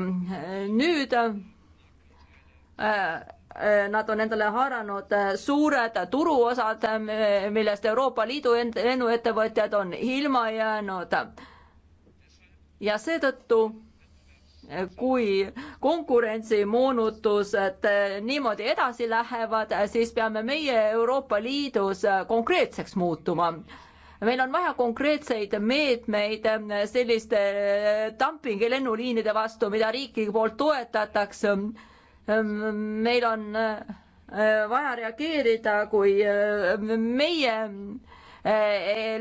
nüüd äh, äh, nad on endale haaranud äh, suured turuosad, millest Euroopa Liidu lennuettevõtjad on ilma jäänud. ja seetõttu kui konkurentsimoonutused niimoodi edasi lähevad, siis peame meie Euroopa Liidus konkreetseks muutuma meil on vaja konkreetseid meetmeid äh, selliste äh, dumpingilennuliinide vastu, mida riigi poolt toetatakse. Ähm, meil on äh, vaja reageerida, kui meie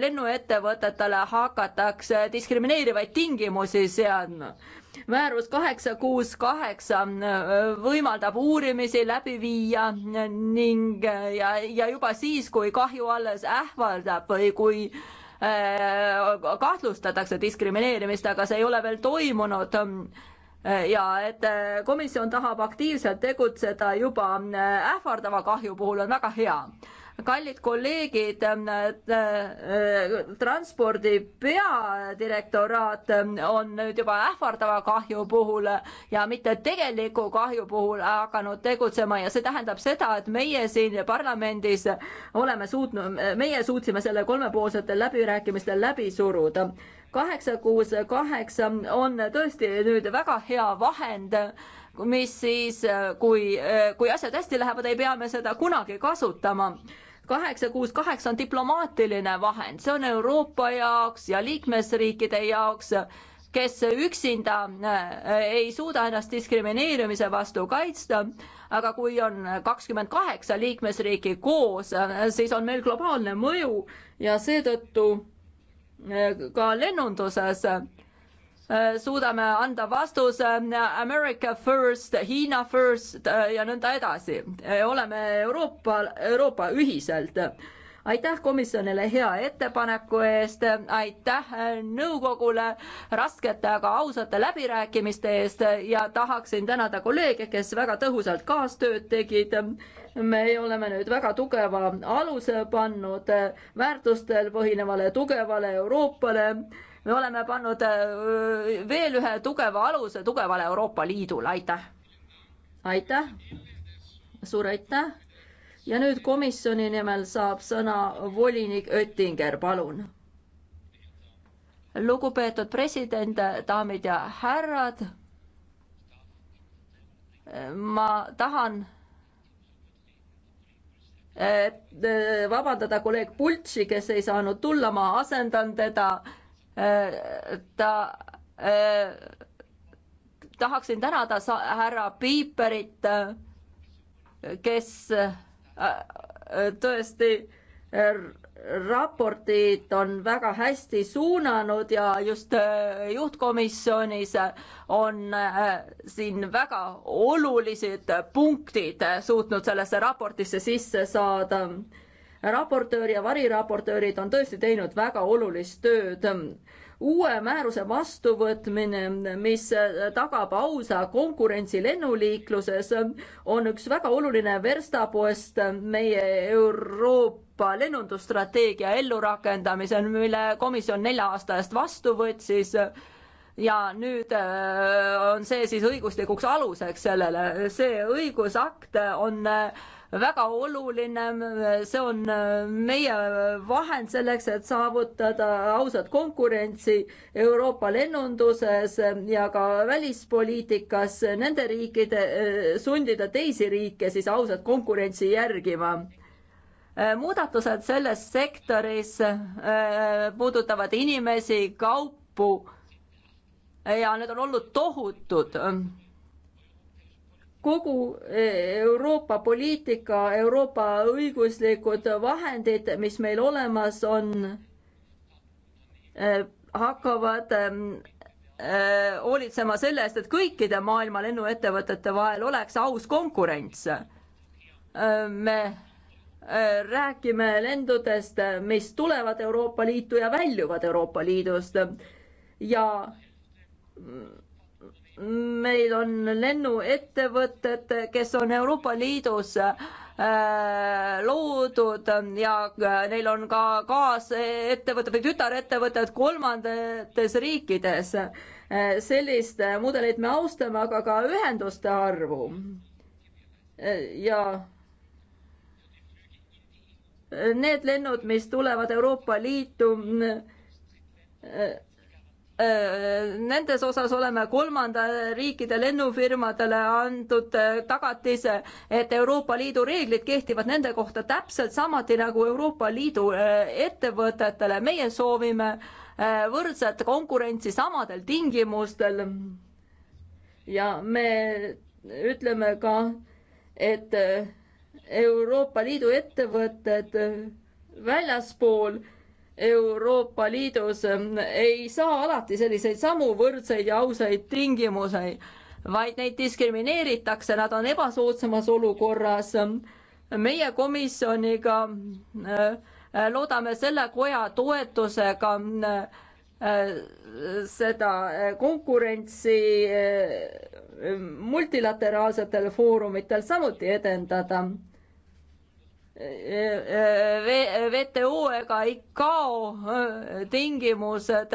lennuettevõtetele hakatakse diskrimineerivaid tingimusi seadma määrus kaheksa kuus äh, kaheksa võimaldab uurimisi läbi viia ning äh, ja, ja juba siis, kui kahju alles ähvardab või kui äh, kahtlustatakse diskrimineerimist, aga see ei ole veel toimunud ja et komisjon tahab aktiivselt tegutseda juba ähvardava kahju puhul on väga hea kallid kolleegid, äh, äh, transpordi peadirektoraat äh, on nüüd juba ähvardava kahju puhul ja mitte tegeliku kahju puhul hakanud tegutsema ja see tähendab seda, et meie siin parlamendis oleme suutnud, meie suutsime selle kolmepoolsetel läbirääkimistel läbi suruda kaheksa kuus kaheksa on tõesti nüüd väga hea vahend, mis siis, kui, kui asjad hästi lähevad, ei pea me seda kunagi kasutama kaheksa, kuus, kaheksa on diplomaatiline vahend, see on Euroopa jaoks ja liikmesriikide jaoks, kes üksinda äh, ei suuda ennast diskrimineerimise vastu kaitsta, aga kui on kakskümmend kaheksa liikmesriiki koos, äh, siis on meil globaalne mõju ja seetõttu äh, ka lennunduses Äh, suudame anda vastuse äh, America first, Hiina first äh, ja nõnda edasi. oleme Euroopa, Euroopa ühiselt. aitäh komisjonile hea ettepaneku eest, aitäh nõukogule raskete, aga ausate läbirääkimiste eest ja tahaksin tänada kolleege, kes väga tõhusalt kaastööd tegid me oleme nüüd väga tugeva aluse pannud väärtustel põhinevale tugevale Euroopale me oleme pannud äh, veel ühe tugeva aluse tugevale Euroopa Liidule, aitäh. aitäh, suur aitäh. ja nüüd komisjoni nimel saab sõna volinik Oettinger, palun. lugupeetud president, daamid ja härrad. ma tahan äh, äh, vabandada kolleeg Pultsi, kes ei saanud tulla, ma asendan teda ta äh, tahaksin tänada härra Piiperit, kes äh, tõesti äh, raportid on väga hästi suunanud ja just juhtkomisjonis on siin väga olulised punktid suutnud sellesse raportisse sisse saada raportöör ja variraportöörid on tõesti teinud väga olulist tööd. uue määruse vastuvõtmine, mis tagab ausa konkurentsi lennuliikluses, on üks väga oluline verstapoest meie Euroopa lennundusstrateegia ellurakendamisel, mille komisjon nelja aasta eest vastu võttis ja nüüd äh, on see siis õiguslikuks aluseks sellele. see õigusakt on äh, väga oluline, see on äh, meie vahend selleks, et saavutada ausat konkurentsi Euroopa lennunduses ja ka välispoliitikas nende riikide, sundida teisi riike siis ausat konkurentsi järgima muudatused selles sektoris puudutavad inimesi, kaupu ja need on olnud tohutud. kogu e, Euroopa poliitika, Euroopa õiguslikud vahendid, mis meil olemas on, e, hakkavad e, hoolitsema selle eest, et kõikide maailma lennuettevõtete vahel oleks aus konkurents. me räägime lendudest, mis tulevad Euroopa Liitu ja väljuvad Euroopa Liidust ja meil on lennuettevõtted, kes on Euroopa Liidus äh, loodud ja äh, neil on ka kaasettevõtted või tütarettevõtted kolmandates riikides. Äh, sellist mudelit me austame, aga ka ühenduste arvu. ja need lennud, mis tulevad Euroopa Liitu, Äh, nendes osas oleme kolmanda riikide lennufirmadele andnud äh, tagatise, et Euroopa Liidu reeglid kehtivad nende kohta täpselt samuti nagu Euroopa Liidu äh, ettevõtetele. meie soovime võrdset konkurentsi samadel tingimustel. ja me ütleme ka, et Euroopa Liidu ettevõtted väljaspool Euroopa Liidus ähm, ei saa alati selliseid samu võrdseid ja ausaid tingimusi, vaid neid diskrimineeritakse, nad on ebasoodsamas olukorras. meie komisjoniga äh, loodame selle koja toetusega äh, seda äh, konkurentsi multilateraalsetel foorumitel samuti edendada WTO ega ICAO äh, tingimused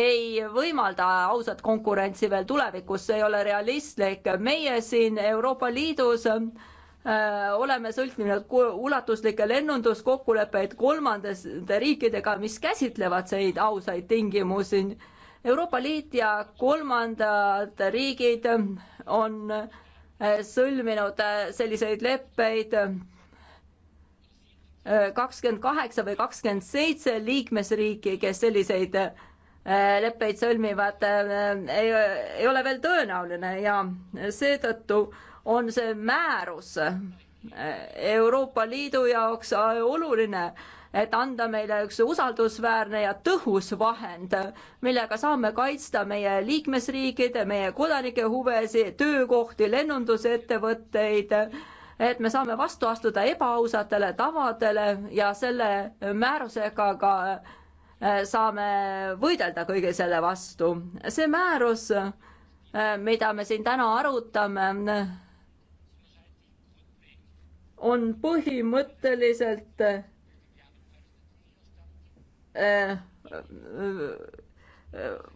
ei võimalda ausat konkurentsi veel tulevikus, see ei ole realistlik. meie siin Euroopa Liidus äh, oleme sõlminud ulatuslikke lennunduskokkuleppeid kolmandate riikidega, mis käsitlevad neid ausaid tingimusi. Euroopa Liit ja kolmandad riigid on äh, sõlminud selliseid leppeid kakskümmend kaheksa või kakskümmend seitse liikmesriiki, kes selliseid äh, leppeid sõlmivad, äh, ei, ei ole veel tõenäoline ja seetõttu on see määrus äh, Euroopa Liidu jaoks oluline, et anda meile üks usaldusväärne ja tõhus vahend, millega saame kaitsta meie liikmesriikide, meie kodanike huvesid, töökohti, lennundusettevõtteid et me saame vastu astuda ebaausatele tavadele ja selle määrusega ka äh, saame võidelda kõige selle vastu. see määrus, äh, mida me siin täna arutame, on põhimõtteliselt äh,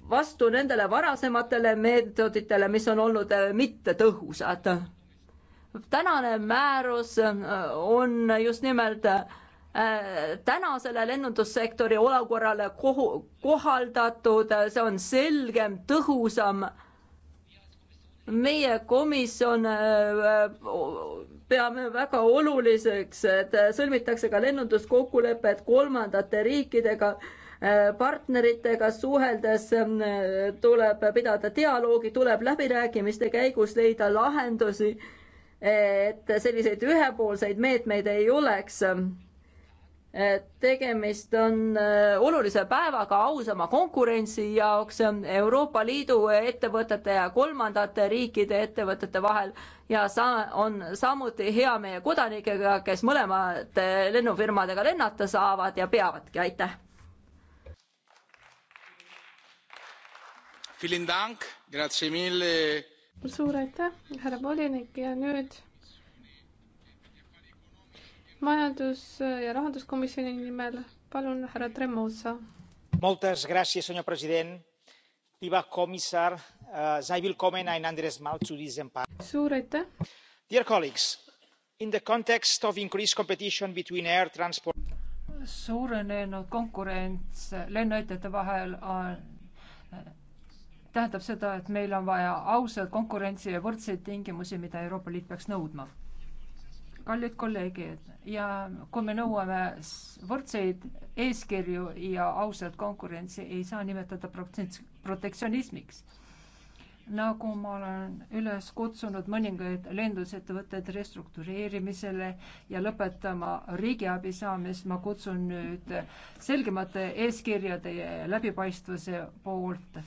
vastu nendele varasematele meetoditele, mis on olnud mittetõhusad tänane määrus äh, on just nimelt äh, tänasele lennundussektori olukorrale kohu-, kohaldatud, see on selgem, tõhusam. meie komisjon äh, peame väga oluliseks, et sõlmitakse ka lennunduskokkulepped kolmandate riikidega, partneritega suheldes tuleb pidada dialoogi, tuleb läbirääkimiste käigus leida lahendusi et selliseid ühepoolseid meetmeid ei oleks. tegemist on äh, olulise päevaga ausama konkurentsi jaoks Euroopa Liidu ettevõtete ja kolmandate riikide ettevõtete vahel ja sa-, on samuti hea meie kodanikega, kes mõlemad äh, lennufirmadega lennata saavad ja peavadki, aitäh! Vielen Dank, grazie mille suur aitäh, härra volinik ja nüüd majandus- ja rahanduskomisjoni nimel palun härra Tremosa. Moltes gràcies, senyor president. Tiba komissar uh,, eh, sai willkommen ein anderes mal zu diesem par-. suur aitäh. Dear colleagues, in the context of increased competition between air transport. suurenenud konkurents lennuettevõtete vahel on tähendab seda, et meil on vaja ausat konkurentsi ja võrdseid tingimusi, mida Euroopa Liit peaks nõudma. kallid kolleegid, ja kui me nõuame võrdseid eeskirju ja ausat konkurentsi, ei saa nimetada protektsionismiks. nagu ma olen üles kutsunud mõningaid lendusettevõtteid restruktureerimisele ja lõpetama riigiabi saamist, ma kutsun nüüd selgemate eeskirjade ja läbipaistvuse poolt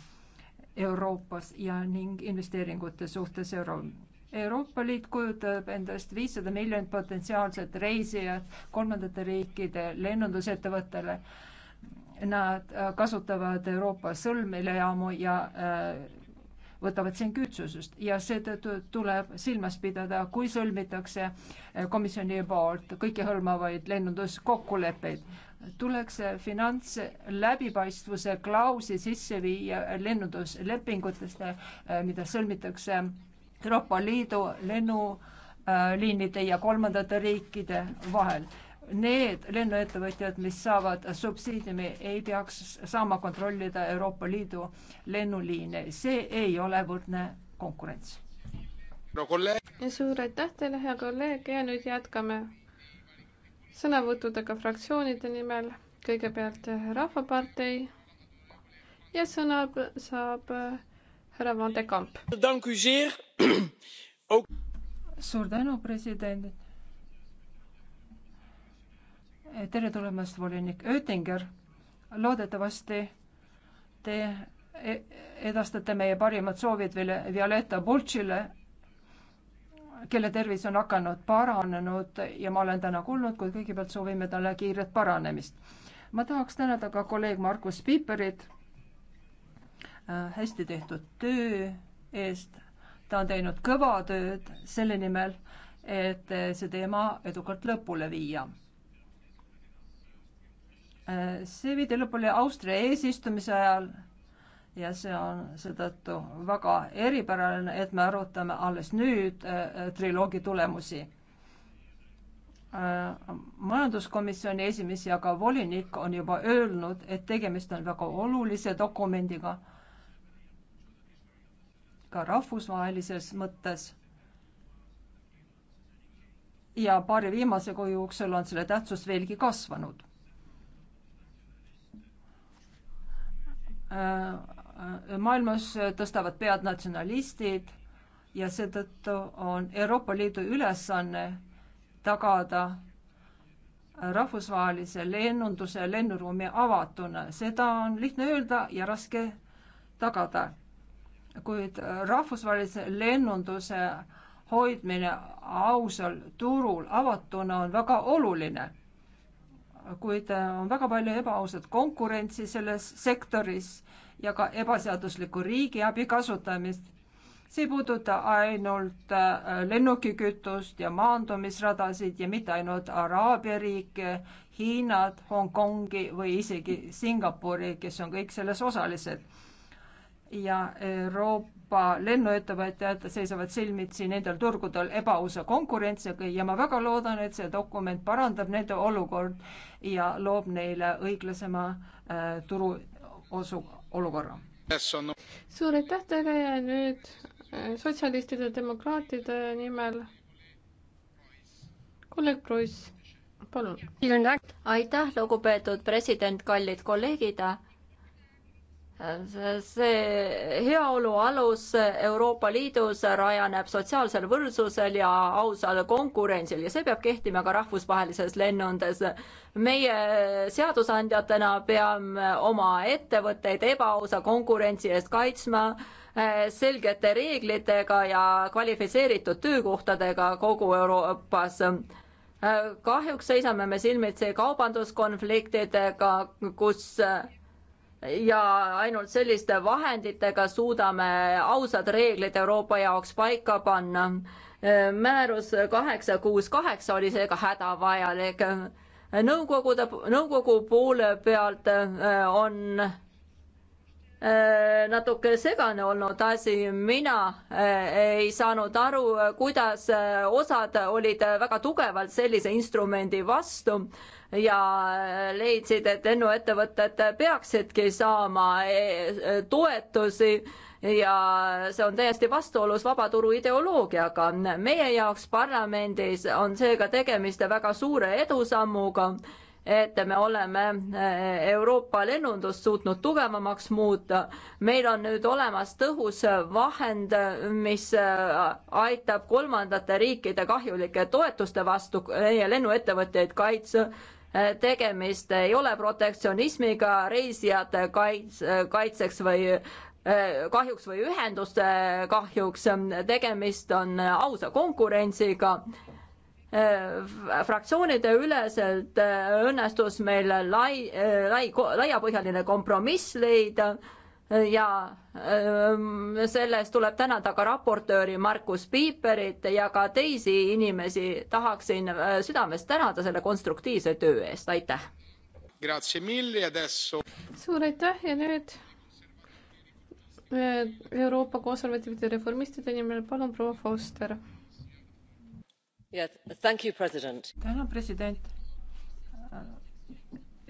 Euroopas ja ning investeeringute suhtes Euro-. Euroopa Liit kujutab endast viissada miljonit potentsiaalset reisijat kolmandate riikide lennundusettevõttele. Nad äh, kasutavad Euroopa sõlmejaamu ja äh, võtavad siin küpsusest ja seetõttu tuleb silmas pidada, kui sõlmitakse äh, komisjoni poolt kõikehõlmavaid lennunduskokkuleppeid tuleks finantsläbipaistvuse klausi sisse viia lennunduslepingutesse, eh, mida sõlmitakse Euroopa Liidu lennuliinide ja kolmandate riikide vahel. Need lennuettevõtjad, mis saavad subsiidiumi, ei peaks saama kontrollida Euroopa Liidu lennuliine, see ei ole võrdne konkurents. suur aitäh teile, hea kolleeg ja nüüd jätkame sõnavõttudega fraktsioonide nimel, kõigepealt Rahvapartei ja sõna saab härra Van de Kamp. suur tänu, president. tere tulemast, volinik Oettinger. loodetavasti te e-, edastate meie parimad soovid Violeta Bultšile kelle tervis on hakanud paranenud ja ma olen täna kuulnud, kuid kõigepealt soovime talle kiiret paranemist. ma tahaks tänada ka kolleeg Markus Piiperit äh, hästi tehtud töö eest. ta on teinud kõva tööd selle nimel, et äh, see teema edukalt lõpule viia äh,. see viidi lõpule Austria eesistumise ajal ja see on seetõttu väga eripärane, et me arutame alles nüüd äh, äh, triloogi tulemusi äh,. majanduskomisjoni esimees ja ka volinik on juba öelnud, et tegemist on väga olulise dokumendiga ka rahvusvahelises mõttes ja paari viimase kuu jooksul on selle tähtsus veelgi kasvanud äh, Äh, maailmas äh, tõstavad pead natsionalistid ja seetõttu on Euroopa Liidu ülesanne tagada rahvusvahelise lennunduse lennuruumi avatuna. seda on lihtne öelda ja raske tagada. kuid rahvusvahelise lennunduse hoidmine ausal turul avatuna on väga oluline. kuid äh, on väga palju ebaausat konkurentsi selles sektoris ja ka ebaseadusliku riigiabi kasutamist. see ei puuduta ainult äh, lennukikütust ja maandumisradasid ja mitte ainult Araabia riike, Hiinat, Hongkongi või isegi Singapuri, kes on kõik selles osalised. ja Euroopa lennuettevõtjad seisavad silmitsi nendel turgudel ebaausa konkurentsiga ja ma väga loodan, et see dokument parandab nende olukord ja loob neile õiglasema äh, turu osu olukorra. suur aitäh teile ja nüüd äh, sotsialistide ja demokraatide nimel kolleeg Pruiss, palun. aitäh, lugupeetud president, kallid kolleegid see heaolu alus Euroopa Liidus rajaneb sotsiaalsel võrdsusel ja ausal konkurentsil ja see peab kehtima ka rahvusvahelises lennundes. meie seadusandjatena peame oma ettevõtteid ebaausa konkurentsi eest kaitsma selgete reeglitega ja kvalifitseeritud töökohtadega kogu Euroopas kahjuks seisame me silmitsi kaubanduskonfliktidega, kus ja ainult selliste vahenditega suudame ausad reeglid Euroopa jaoks paika panna. määrus kaheksa kuus kaheksa oli seega hädavajalik. nõukogude, nõukogu poole pealt äh, on äh, natuke segane olnud asi, mina äh, ei saanud aru, kuidas osad olid väga tugevalt sellise instrumendi vastu ja leidsid, et lennuettevõtted peaksidki saama e, e, toetusi ja see on täiesti vastuolus vabaturu ideoloogiaga. meie jaoks parlamendis on seega tegemist väga suure edusammuga et me oleme e, Euroopa lennundust suutnud tugevamaks muuta. meil on nüüd olemas tõhus vahend, mis aitab kolmandate riikide kahjulike toetuste vastu meie lennuettevõtteid kaitsta tegemist ei ole protektsionismiga reisijate kaits-, kaitseks või eh, kahjuks või ühenduste kahjuks, tegemist on ausa konkurentsiga eh, fraktsioonide üleselt eh, õnnestus meil lai, lai, laiapõhjaline kompromiss leida ja ähm, selle eest tuleb tänada ka raportööri Markus Piiperit ja ka teisi inimesi. tahaksin äh, südamest tänada selle konstruktiivse töö eest, aitäh! suur aitäh ja nüüd äh, Euroopa konservatiivide reformistide nimel, palun, proua Foster. tänan, president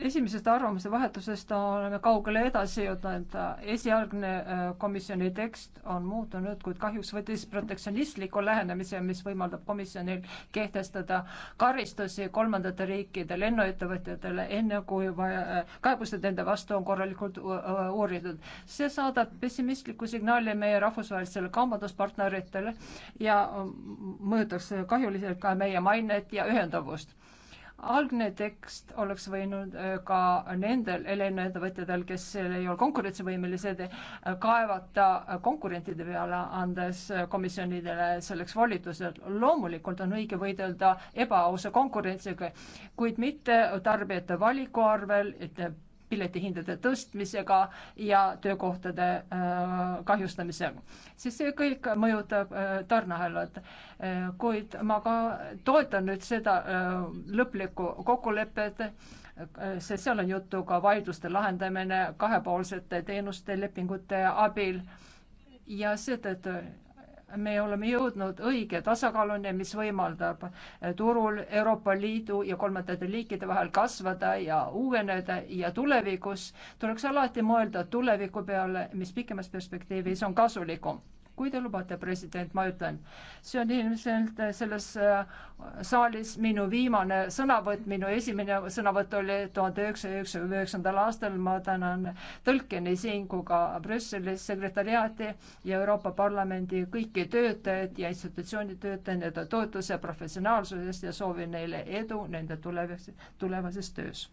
esimesest arvamuse vahetusest oleme kaugele edasi jõudnud, esialgne äh, komisjoni tekst on muutunud, kuid kahjuks võttis protektsionistliku lähenemise, mis võimaldab komisjonil kehtestada karistusi kolmandate riikide lennuettevõtjatele, enne kui vaja, äh, kaebused nende vastu on korralikult uuritud. see saadab pessimistliku signaali meie rahvusvahelistele kaubanduspartneritele ja mõjutaks kahjuliselt ka meie mainet ja ühendavust algne tekst oleks võinud äh, ka nendel lennuettevõtjadel, kes ei ole konkurentsivõimelised, äh, kaevata äh, konkurentide peale, andes komisjonidele selleks volitused. loomulikult on õige võidelda ebaausa konkurentsiga, kuid mitte tarbijate valiku arvel, et piletihindade tõstmisega ja töökohtade äh, kahjustamisega, siis see kõik mõjutab äh, tarneahelat. Äh, kuid ma ka toetan nüüd seda lõplikku kokkulepet, sest seal on juttu ka vaidluste lahendamine kahepoolsete teenuste lepingute abil ja seetõttu me oleme jõudnud õige tasakaaluni, mis võimaldab eh, turul Euroopa Liidu ja kolmandate riikide vahel kasvada ja uueneda ja tulevikus tuleks alati mõelda tuleviku peale, mis pikemas perspektiivis on kasulikum kui te lubate, president, ma ütlen, see on ilmselt äh, selles äh, saalis minu viimane sõnavõtt, minu esimene sõnavõtt oli tuhande üheksasaja üheksakümne üheksandal aastal, ma tänan tõlke nii siin kui ka Brüsselis, sekretäriaati ja Euroopa Parlamendi kõiki töötajaid ja institutsiooni töötajaid nende toetuse professionaalsuse eest ja soovin neile edu nende tulevases, tulevases töös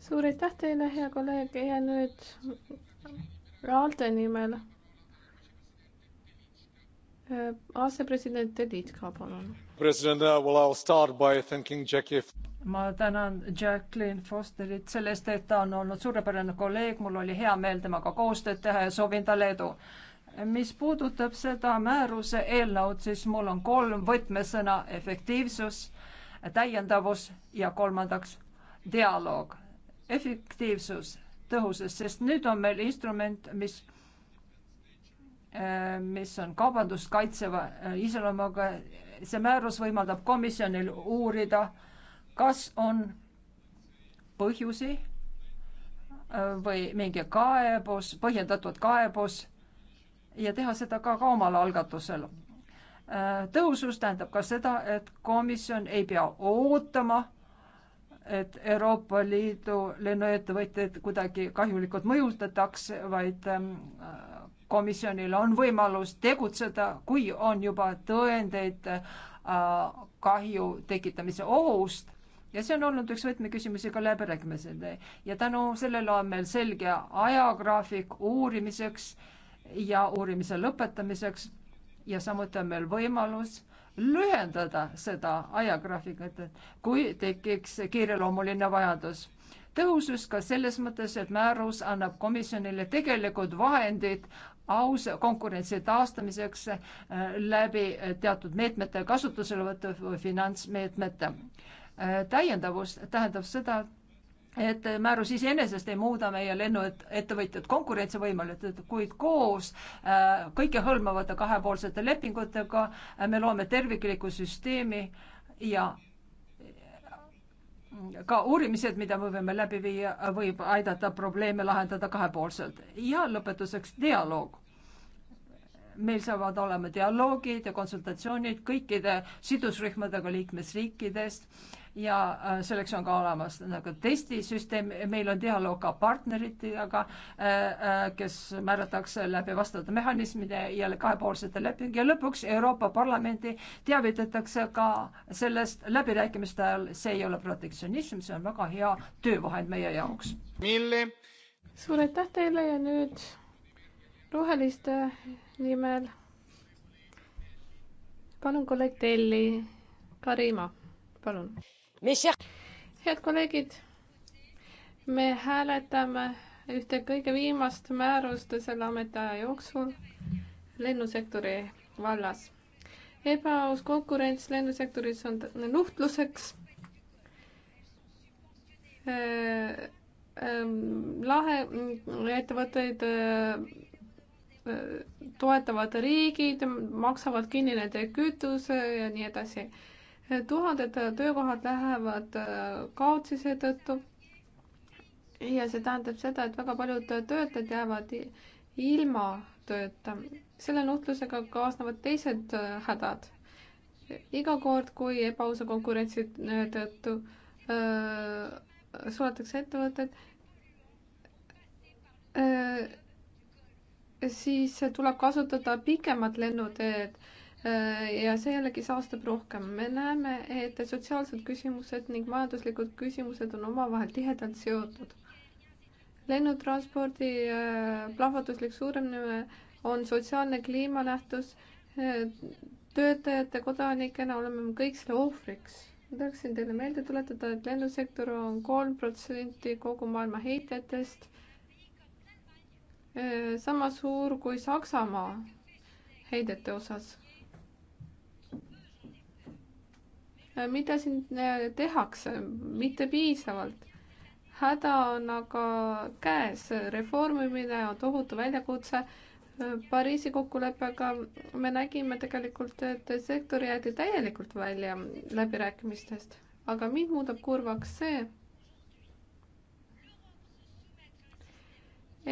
suur aitäh teile, hea kolleeg ja nüüd ALDE nimel äh, asepresident Telitska, palun. president, uh, well I will start by thanking Jackie ma tänan Jacqueline Fosterit selle eest, et ta on olnud suurepärane kolleeg, mul oli hea meel temaga koostööd teha ja soovin talle edu. mis puudutab seda määruse eelnõud, siis mul on kolm võtmesõna efektiivsus, täiendavus ja kolmandaks dialoog. efektiivsus tõhusus, sest nüüd on meil instrument, mis mis on kaubandust kaitseva äh, iseloomuga, see määrus võimaldab komisjonil uurida, kas on põhjusi äh, või mingi kaebus, põhjendatud kaebus ja teha seda ka, ka omal algatusel. Äh, tõhusus tähendab ka seda, et komisjon ei pea ootama et Euroopa Liidu lennuettevõtjaid kuidagi kahjulikult mõjutatakse, vaid ähm, komisjonil on võimalus tegutseda, kui on juba tõendeid äh, kahju tekitamise ohust ja see on olnud üks võtmeküsimusi ka läbirääkimisel ja tänu sellele on meil selge ajagraafik uurimiseks ja uurimise lõpetamiseks ja samuti on meil võimalus lühendada seda ajagraafikut, kui tekiks kiireloomuline vajadus. tõhusus ka selles mõttes, et määrus annab komisjonile tegelikud vahendid ausa konkurentsi taastamiseks äh, läbi äh, teatud meetmete kasutuselevõttu või finantsmeetmete. Äh, täiendavus tähendab seda, et et määrus iseenesest ei muuda meie lennuettevõtjad konkurentsivõimelised, kuid koos äh, kõikehõlmavate kahepoolsete lepingutega äh, me loome tervikliku süsteemi ja äh, ka uurimised, mida me võime läbi viia, võib aidata probleeme lahendada kahepoolselt. ja lõpetuseks dialoog meil saavad olema dialoogid ja konsultatsioonid kõikide sidusrühmadega liikmesriikidest äh, ja äh, selleks on ka olemas nagu testisüsteem, meil on dialoog ka partneritega, äh, äh, kes määratakse läbi vastavate mehhanismide ja kahepoolsete leping ja lõpuks Euroopa Parlamendi teavitatakse ka sellest läbirääkimiste ajal, see ei ole protektsionism, see on väga hea töövahend meie jaoks. suur aitäh teile ja nüüd roheliste nimel palun kolleeg Telli, Karima, palun head kolleegid, me hääletame ühte kõige viimast määrust selle ametiaja jooksul lennusektori vallas. ebaaus konkurents lennusektoris on nuhtluseks äh,. Ähm, äh, lahe ettevõtteid äh, äh, toetavad riigid, maksavad kinni nende kütuse ja nii edasi tuhanded töökohad lähevad äh, kaotsi seetõttu. ja see tähendab seda, et väga paljud töötajad jäävad ilma tööta. selle nuhtlusega kaasnevad teised äh, hädad. iga kord, kui ebaausa konkurentsi äh, tõttu suletakse ettevõtted, siis tuleb kasutada pikemat lennuteed Äh, ja see jällegi saastab rohkem. me näeme, et sotsiaalsed küsimused ning majanduslikud küsimused on omavahel tihedalt seotud. lennutranspordi äh, plahvatuslik suurenemine on sotsiaalne kliimanähtus. Äh, töötajate, kodanikena oleme me kõik selle ohvriks. ma tahaksin teile meelde tuletada, et lennusektor on kolm protsenti kogu maailma heitjatest. sama suur kui Saksamaa heidete osas Äh, mida siin äh, tehakse, mitte piisavalt. häda on aga käes, reformimine on tohutu väljakutse. Äh, Pariisi kokkuleppega me nägime tegelikult, et sektor jäeti täielikult välja läbirääkimistest, aga mind muudab kurvaks see,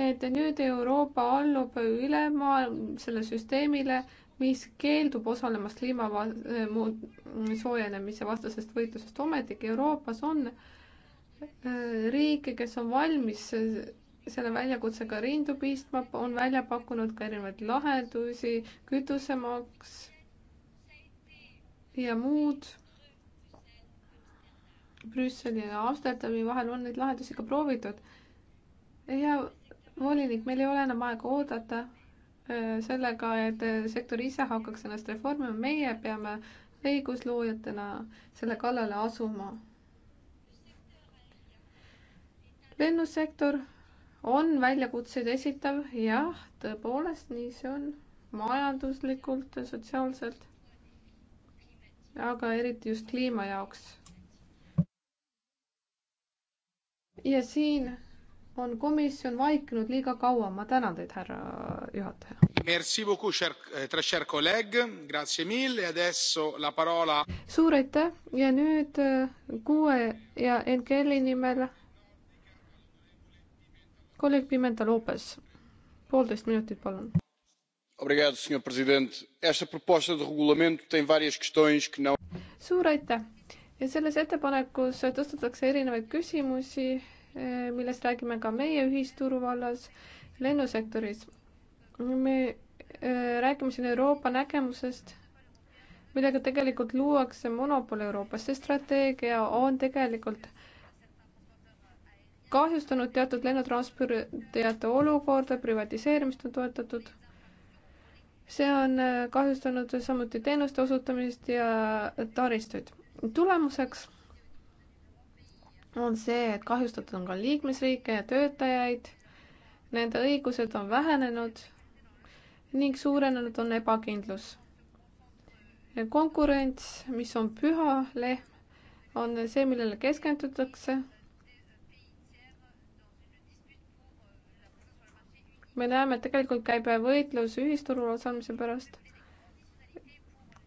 et nüüd Euroopa allub ülemaailmsele süsteemile, mis keeldub osalemast kliima eh, soojenemise vastasest võitlusest. ometigi Euroopas on eh, riike, kes on valmis eh, selle väljakutsega rindu pistma, on välja pakkunud ka erinevaid lahendusi, kütusemaks ja muud. Brüsseli ja Amsterdami vahel on neid lahendusi ka proovitud. ja volinik, meil ei ole enam aega oodata sellega, et sektor ise hakkaks ennast reformima, meie peame õigusloojatena selle kallale asuma. lennussektor on väljakutseid esitav, jah, tõepoolest nii see on, majanduslikult, sotsiaalselt, aga eriti just kliima jaoks. ja siin on komisjon vaikinud liiga kaua. ma tänan teid, härra juhataja. Eh, suur aitäh ja nüüd eh, kuue ja NGL-i nimel kolleeg Pimenta Lopes, poolteist minutit, palun. suur aitäh ja selles ettepanekus tõstetakse erinevaid küsimusi Eh, millest räägime ka meie ühisturu vallas, lennusektoris. me eh, räägime siin Euroopa nägemusest, millega tegelikult luuakse monopol Euroopas, see strateegia on tegelikult kahjustanud teatud lennutranspordijate olukorda, privatiseerimist on toetatud. see on eh, kahjustanud samuti teenuste osutamist ja taristuid. tulemuseks on see, et kahjustatud on ka liikmesriike ja töötajaid, nende õigused on vähenenud ning suurenenud on ebakindlus. konkurents, mis on püha lehm, on see, millele keskendutakse. me näeme, et tegelikult käib võitlus ühisturul osalemise pärast.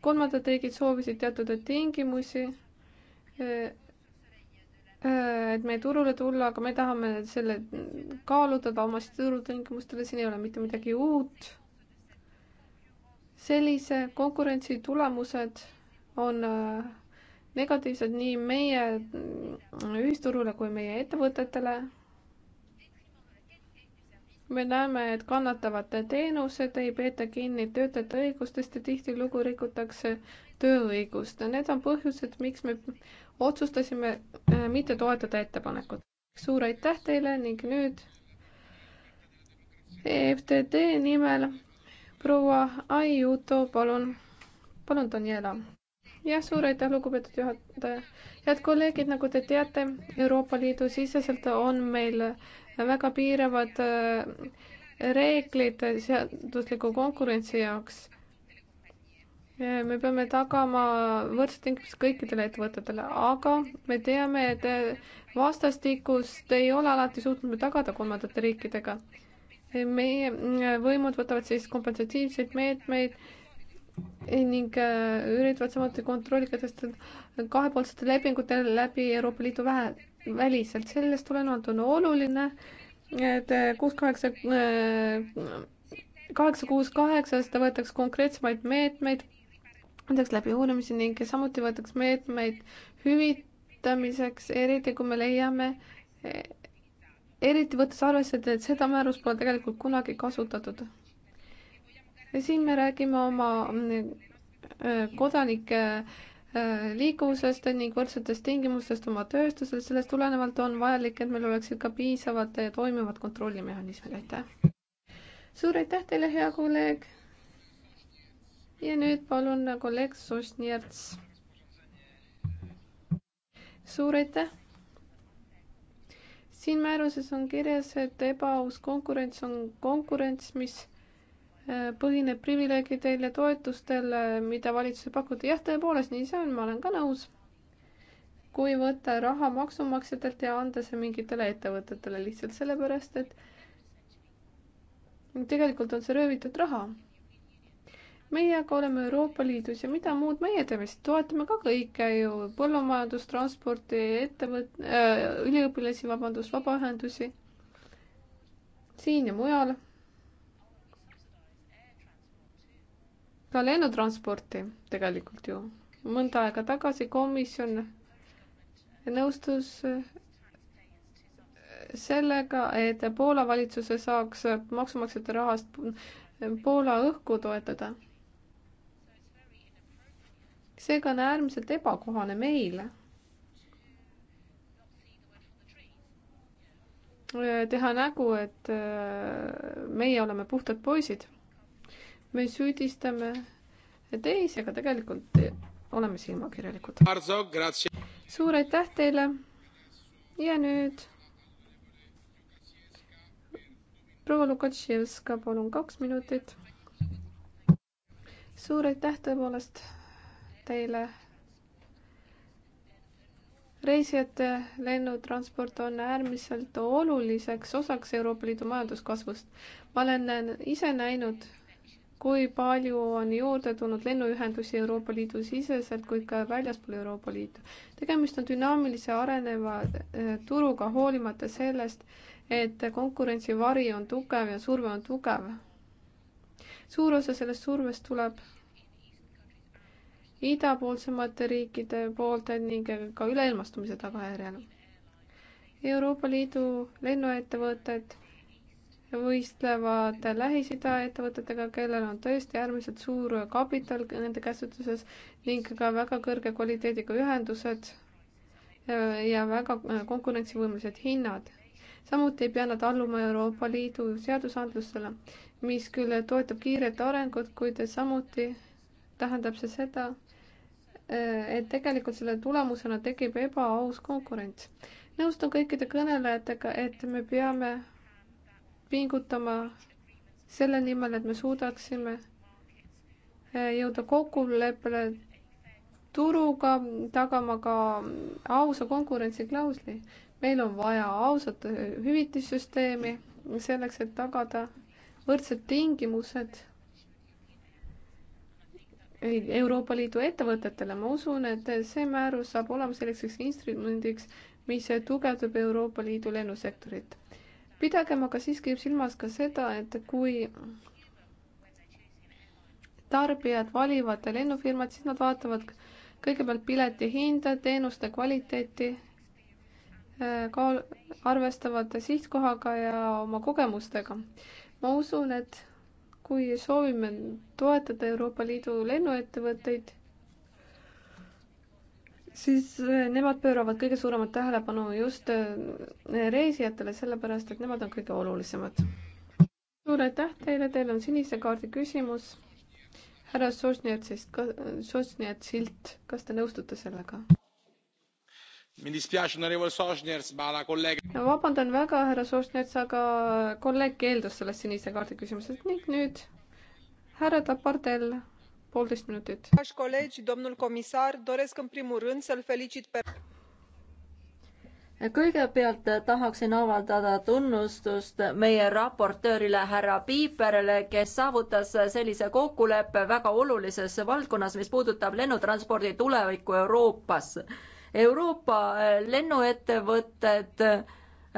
kolmandad riigid soovisid teatud tingimusi Äh, et meie turule tulla, aga me tahame selle kaalutleda oma turutingimustele, siin ei ole mitte midagi uut. sellise konkurentsi tulemused on äh, negatiivsed nii meie mm, ühisturule kui meie ettevõtetele me näeme, et kannatavate teenused ei peeta kinni töötajate õigustest ja tihtilugu rikutakse tööõigust. Need on põhjused, miks me otsustasime äh, mitte toetada ettepanekut. suur aitäh teile ning nüüd EFTD nimel proua Aiuto, palun, palun, Daniela jah, suur aitäh, lugupeetud juhataja. head kolleegid, nagu te teate, Euroopa Liidu siseselt on meil väga piiravad äh, reeglid seadusliku konkurentsi jaoks. me peame tagama võrdsed tingimused kõikidele ettevõtetele, aga me teame, et äh, vastastikust ei ole alati suutnud me tagada kolmandate riikidega. meie äh, võimud võtavad siis kompensatiivseid meetmeid meet, ning äh, üritavad samuti kontrolli kehtestada kahepoolsete lepingute läbi Euroopa Liidu vähe, väliselt. sellest tulenevalt on oluline, et kuus kaheksa, äh, kaheksa kuus kaheksa, seda võetakse konkreetsemaid meetmeid, antakse läbi uurimisi ning samuti võetakse meetmeid hüvitamiseks, eriti kui me leiame, eriti võttes arvesse, et seda määrust pole tegelikult kunagi kasutatud siin me räägime oma mm, äh, kodanike äh, liikuvusest ning võrdsetest tingimustest oma tööstusel, sellest tulenevalt on vajalik, et meil oleksid ka piisavad toimivad kontrollimehhanismid, aitäh. suur aitäh teile, hea kolleeg. ja nüüd palun kolleeg Sosnjerts. suur aitäh. siin määruses on kirjas, et ebaaus konkurents on konkurents, mis põhineb privileegidel ja toetustel, mida valitsusele pakuti. jah, tõepoolest nii see on, ma olen ka nõus. kui võtta raha maksumaksjatelt ja anda see mingitele ettevõtetele lihtsalt sellepärast, et tegelikult on see röövitud raha. meie aga oleme Euroopa Liidus ja mida muud meie teeme, siis toetame ka kõike ju, põllumajandust, transporti, ettevõt- äh,, üliõpilasi, vabandust, vabaühendusi siin ja mujal ka lennutransporti tegelikult ju. mõnda aega tagasi komisjon nõustus sellega, et Poola valitsuse saaks maksumaksjate rahast Poola õhku toetada. seega on äärmiselt ebakohane meile teha nägu, et meie oleme puhtad poisid me süüdistame teisi, aga tegelikult oleme silmakirjalikud. suur aitäh teile. ja nüüd proua Lukatševska, palun kaks minutit. suur aitäh tõepoolest teile. reisijate lennutransport on äärmiselt oluliseks osaks Euroopa Liidu majanduskasvust. ma olen ise näinud kui palju on juurde tulnud lennuühendusi Euroopa Liidu siseselt kui ka väljaspool Euroopa Liitu. tegemist on dünaamilise areneva eh, turuga, hoolimata sellest, et konkurentsi vari on tugev ja surve on tugev. suur osa sellest survest tuleb idapoolsemate riikide poolt ning ka üleilmastumise tagajärjel. Euroopa Liidu lennuettevõtted võistlevad Lähis-Ida ettevõtetega, kellel on tõesti äärmiselt suur kapital nende käsutuses ning ka väga kõrge kvaliteediga ühendused äh, ja väga äh, konkurentsivõimelised hinnad. samuti ei pea nad alluma Euroopa Liidu seadusandlustele, mis küll toetab kiiret arengut, kuid samuti tähendab see seda, äh, et tegelikult selle tulemusena tekib ebaaus konkurents. nõustun kõikide kõnelejatega, et me peame pingutama selle nimel, et me suudaksime eh, jõuda kokkuleppele turuga, tagama ka ausa konkurentsi klausli. meil on vaja ausat eh, hüvitissüsteemi selleks, et tagada võrdsed tingimused Euroopa Liidu ettevõtetele. ma usun, et see määrus saab olema selliseks instrumendiks, mis tugevdab Euroopa Liidu lennusektorit pidagem aga siiski silmas ka seda, et kui tarbijad valivad lennufirmat, siis nad vaatavad kõigepealt pileti hinda, teenuste kvaliteeti, äh, ka arvestavad sihtkohaga ja oma kogemustega. ma usun, et kui soovime toetada Euroopa Liidu lennuettevõtteid, siis eh, nemad pööravad kõige suuremat tähelepanu just eh, reisijatele, sellepärast et nemad on kõige olulisemad. suur aitäh teile, teil on sinise kaardi küsimus härra Sosnjetsist, Sosnjetsilt, kas te nõustute sellega? vabandan väga, härra Sosnjets, aga kolleeg keeldus sellest sinise kaardi küsimusest ning nüüd härra Tapardel poolteist minutit. kõigepealt tahaksin avaldada tunnustust meie raportöörile härra Piiperile, kes saavutas sellise kokkuleppe väga olulises valdkonnas, mis puudutab lennutranspordi tulevikku Euroopas. Euroopa lennuettevõtted et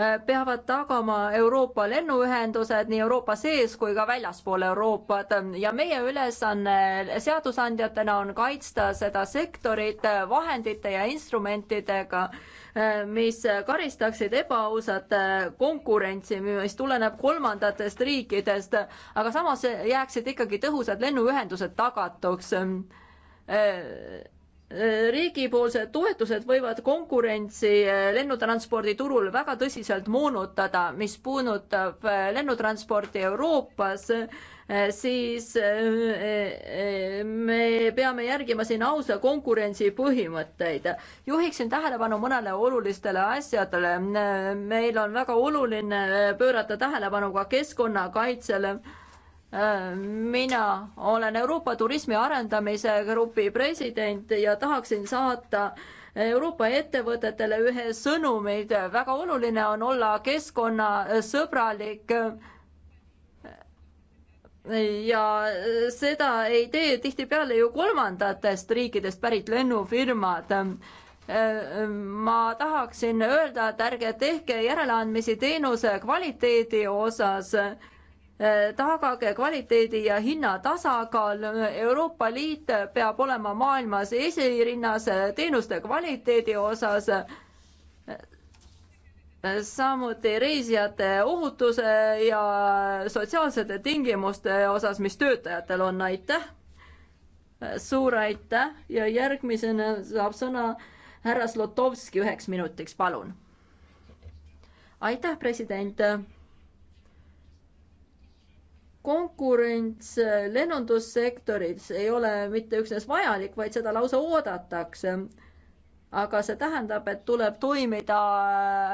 Äh, peavad tagama Euroopa lennuühendused nii Euroopa sees kui ka väljaspool Euroopat ja meie ülesanne seadusandjatena on kaitsta seda sektorit vahendite ja instrumentidega, äh, mis karistaksid ebaausat äh, konkurentsi, mis tuleneb kolmandatest riikidest, aga samas jääksid ikkagi tõhusad lennuühendused tagatuks riigipoolsed toetused võivad konkurentsi eh, lennutranspordi turul väga tõsiselt moonutada, mis puudutab eh, lennutransporti Euroopas, eh, siis me peame järgima siin ausa konkurentsi põhimõtteid. juhiksin tähelepanu mõnele olulistele asjadele. meil on väga oluline pöörata tähelepanu ka keskkonnakaitsele mina olen Euroopa Turismi Arendamise Grupi president ja tahaksin saata Euroopa ettevõtetele ühe sõnumi, väga oluline on olla keskkonnasõbralik. ja seda ei tee tihtipeale ju kolmandatest riikidest pärit lennufirmad ma tahaksin öelda, et ärge tehke järeleandmisi teenuse kvaliteedi osas tagage kvaliteedi ja hinna tasakaal. Euroopa Liit peab olema maailmas esirinnas teenuste kvaliteedi osas. samuti reisijate ohutuse ja sotsiaalsete tingimuste osas, mis töötajatel on, aitäh. suur aitäh ja järgmisena saab sõna härra Slotovski üheks minutiks, palun. aitäh, president konkurents lennundussektoris ei ole mitte üksnes vajalik, vaid seda lausa oodatakse. aga see tähendab, et tuleb toimida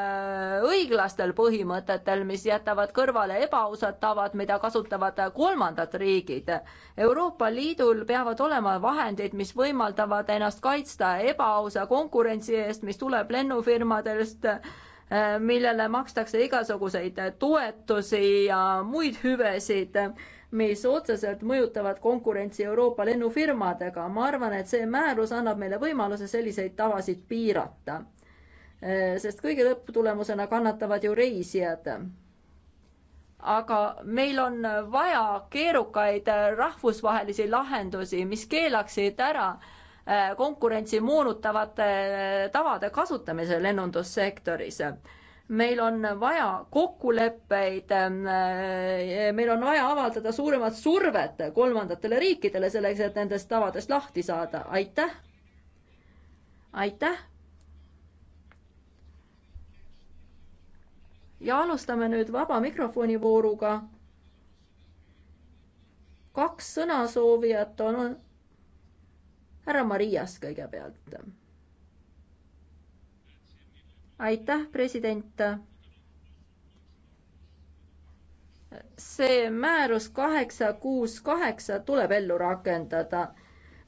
äh, õiglastel põhimõtetel, mis jätavad kõrvale ebaausad tavad, mida kasutavad kolmandad riigid. Euroopa Liidul peavad olema vahendid, mis võimaldavad ennast kaitsta ebaausa konkurentsi eest, mis tuleb lennufirmadest millele makstakse igasuguseid toetusi ja muid hüvesid, mis otseselt mõjutavad konkurentsi Euroopa lennufirmadega. ma arvan, et see määrus annab meile võimaluse selliseid tavasid piirata. sest kõige lõpptulemusena kannatavad ju reisijad aga meil on vaja keerukaid rahvusvahelisi lahendusi, mis keelaksid ära äh, Äh, konkurentsi moonutavate äh, tavade kasutamise lennundussektoris meil on vaja kokkuleppeid, äh, meil on vaja avaldada suuremat survet kolmandatele riikidele selleks, et nendest tavadest lahti saada, aitäh. aitäh. ja alustame nüüd vaba mikrofoni vooruga. kaks sõnasoovijat on härra Marias kõigepealt. aitäh, president. see määrus kaheksa kuus kaheksa tuleb ellu rakendada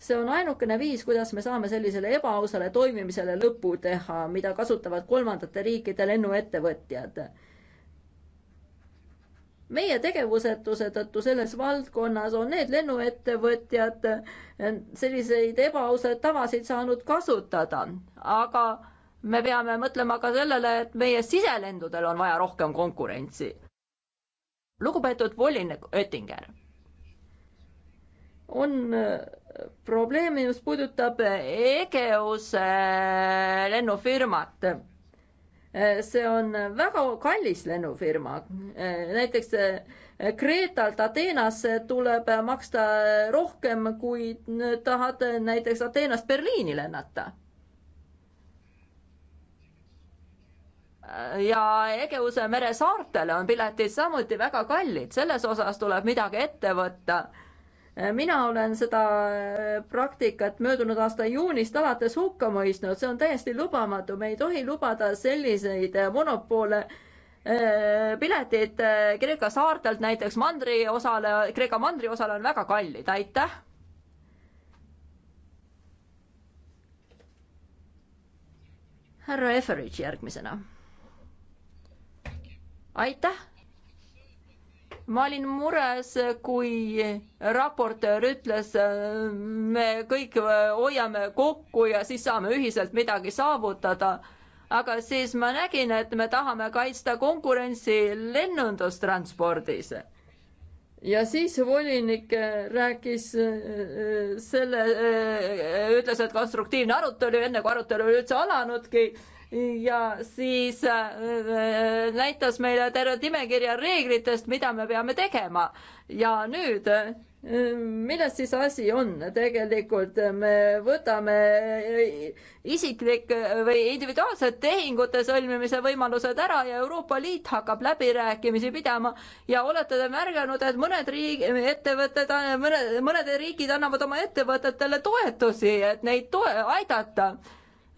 see on ainukene viis, kuidas me saame sellisele ebaausale toimimisele lõpu teha, mida kasutavad kolmandate riikide lennuettevõtjad meie tegevusetuse tõttu selles valdkonnas on need lennuettevõtjad eh, selliseid ebaausaid tavasid saanud kasutada, aga me peame mõtlema ka sellele, et meie siselendudel on vaja rohkem konkurentsi. lugupeetud volinik Oettinger, on eh, probleeme, mis puudutab Egeuse lennufirmat see on väga kallis lennufirma. näiteks eh, Kreetalt Ateenasse tuleb maksta rohkem, kui tahad näiteks Ateenast Berliini lennata. ja Egeuse mere saartele on piletid samuti väga kallid, selles osas tuleb midagi ette võtta mina olen seda äh, praktikat möödunud aasta juunist alates hukka mõistnud, see on täiesti lubamatu, me ei tohi lubada selliseid äh, monopole äh, piletid Kreeka saartelt näiteks mandriosale, Kreeka mandriosale on väga kallid, aitäh. härra Eferidž järgmisena. aitäh ma olin mures, kui raportöör ütles, me kõik hoiame kokku ja siis saame ühiselt midagi saavutada. aga siis ma nägin, et me tahame kaitsta konkurentsi lennundustranspordis ja siis volinik rääkis selle, ütles, et konstruktiivne arutelu, enne kui arutelu oli üldse alanudki ja siis äh, äh, näitas meile terve nimekirja reeglitest, mida me peame tegema. ja nüüd, äh, milles siis asi on, tegelikult me võtame isiklike või individuaalsete tehingute sõlmimise võimalused ära ja Euroopa Liit hakkab läbirääkimisi pidama ja olete te märganud, et mõned riig-, ettevõtted, mõned, mõned riigid annavad oma ettevõtetele toetusi, et neid toe-, aidata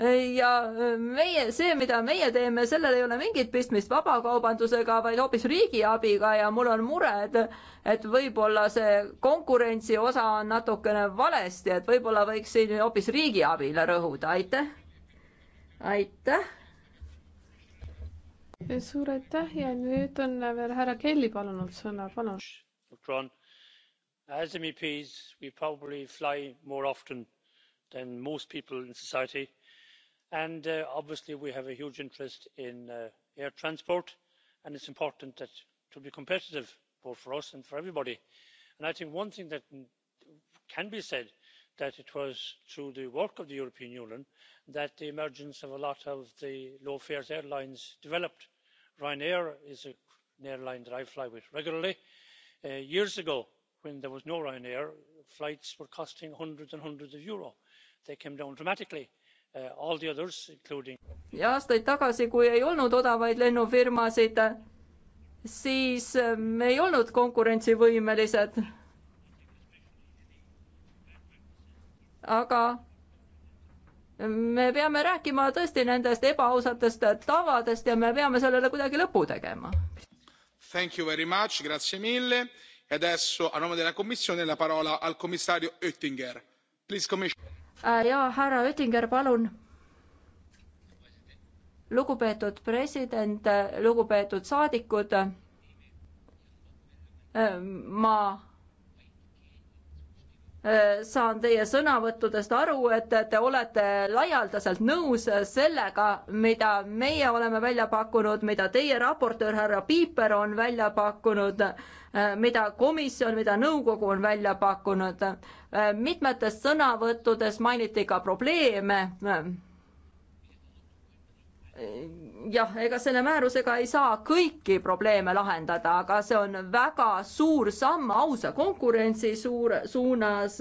ja äh, meie, see, mida meie teeme, sellel ei ole mingit pistmist vabakaubandusega, vaid hoopis riigiabiga ja mul on mure, et et võib-olla see konkurentsi osa on natukene valesti, et võib-olla võiks siin hoopis riigiabile rõhuda, aitäh. aitäh. suur aitäh ja nüüd on veel härra Kelly palunud sõna, palun. As MEPs we probably fly more often than most people in society and uh, obviously we have a huge interest in uh, air transport and it's important to be competitive both for us and for everybody. i think one thing that can be said is that it was through the work of the european union that the emergence of a lot of the low fare airlines developed. ryanair is an airline that i fly with regularly. Uh, years ago when there was no ryanair flights were costing hundreds and hundreds of euros. they came down dramatically. Uh, all the others including. ja aastaid tagasi, kui ei olnud odavaid lennufirmasid, siis äh, me ei olnud konkurentsivõimelised. aga me peame rääkima tõesti nendest ebaausatest tavadest ja me peame sellele kuidagi lõpu tegema. Thank you very much, grazie mille. E adesso a nome della Commissione la parola al commissario Oettinger. Please commission Äh, ja härra Oettinger, palun. lugupeetud president, lugupeetud saadikud. Äh, ma Äh, saan teie sõnavõttudest aru, et te olete laialdaselt nõus sellega, mida meie oleme välja pakkunud, mida teie raportöör härra Piiper on välja pakkunud, äh, mida komisjon, mida nõukogu on välja pakkunud. Äh, mitmetes sõnavõttudes mainiti ka probleeme jah, ega selle määrusega ei saa kõiki probleeme lahendada, aga see on väga suur samm ausa konkurentsi suur, suunas,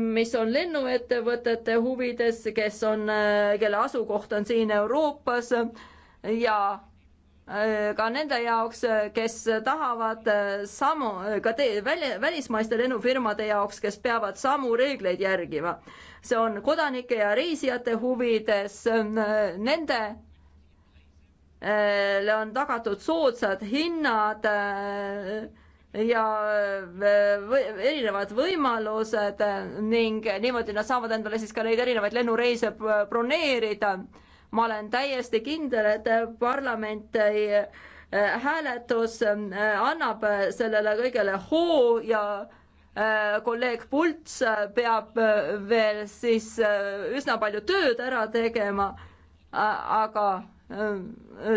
mis on lennuettevõtete huvides, kes on, kelle asukoht on siin Euroopas ja eh, ka nende jaoks, kes tahavad eh, samu, ka te, välja, välismaiste lennufirmade jaoks, kes peavad samu reegleid järgima see on kodanike ja reisijate huvides, nende äh, on tagatud soodsad hinnad äh, ja või, erinevad võimalused ning niimoodi nad saavad endale siis ka neid erinevaid lennureise broneerida. ma olen täiesti kindel, et parlament ei äh, hääletus annab sellele kõigele hoo ja Äh, kolleeg Pults äh, peab äh, veel siis üsna palju tööd ära tegema, aga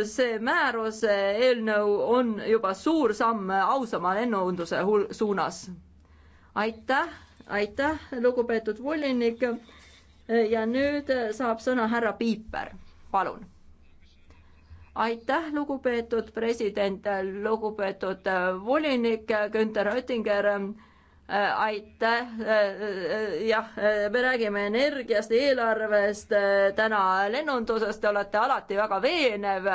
see määruse eelnõu on juba suur samm ausama lennuunduse suunas. aitäh, aitäh, lugupeetud volinik. ja nüüd saab sõna härra Piiper, palun aitäh, lugupeetud president, lugupeetud volinik Günther Oettinger Äh, aitäh, äh, äh, jah, me räägime energiast, eelarvest, täna lennundusest, te olete alati väga veenev.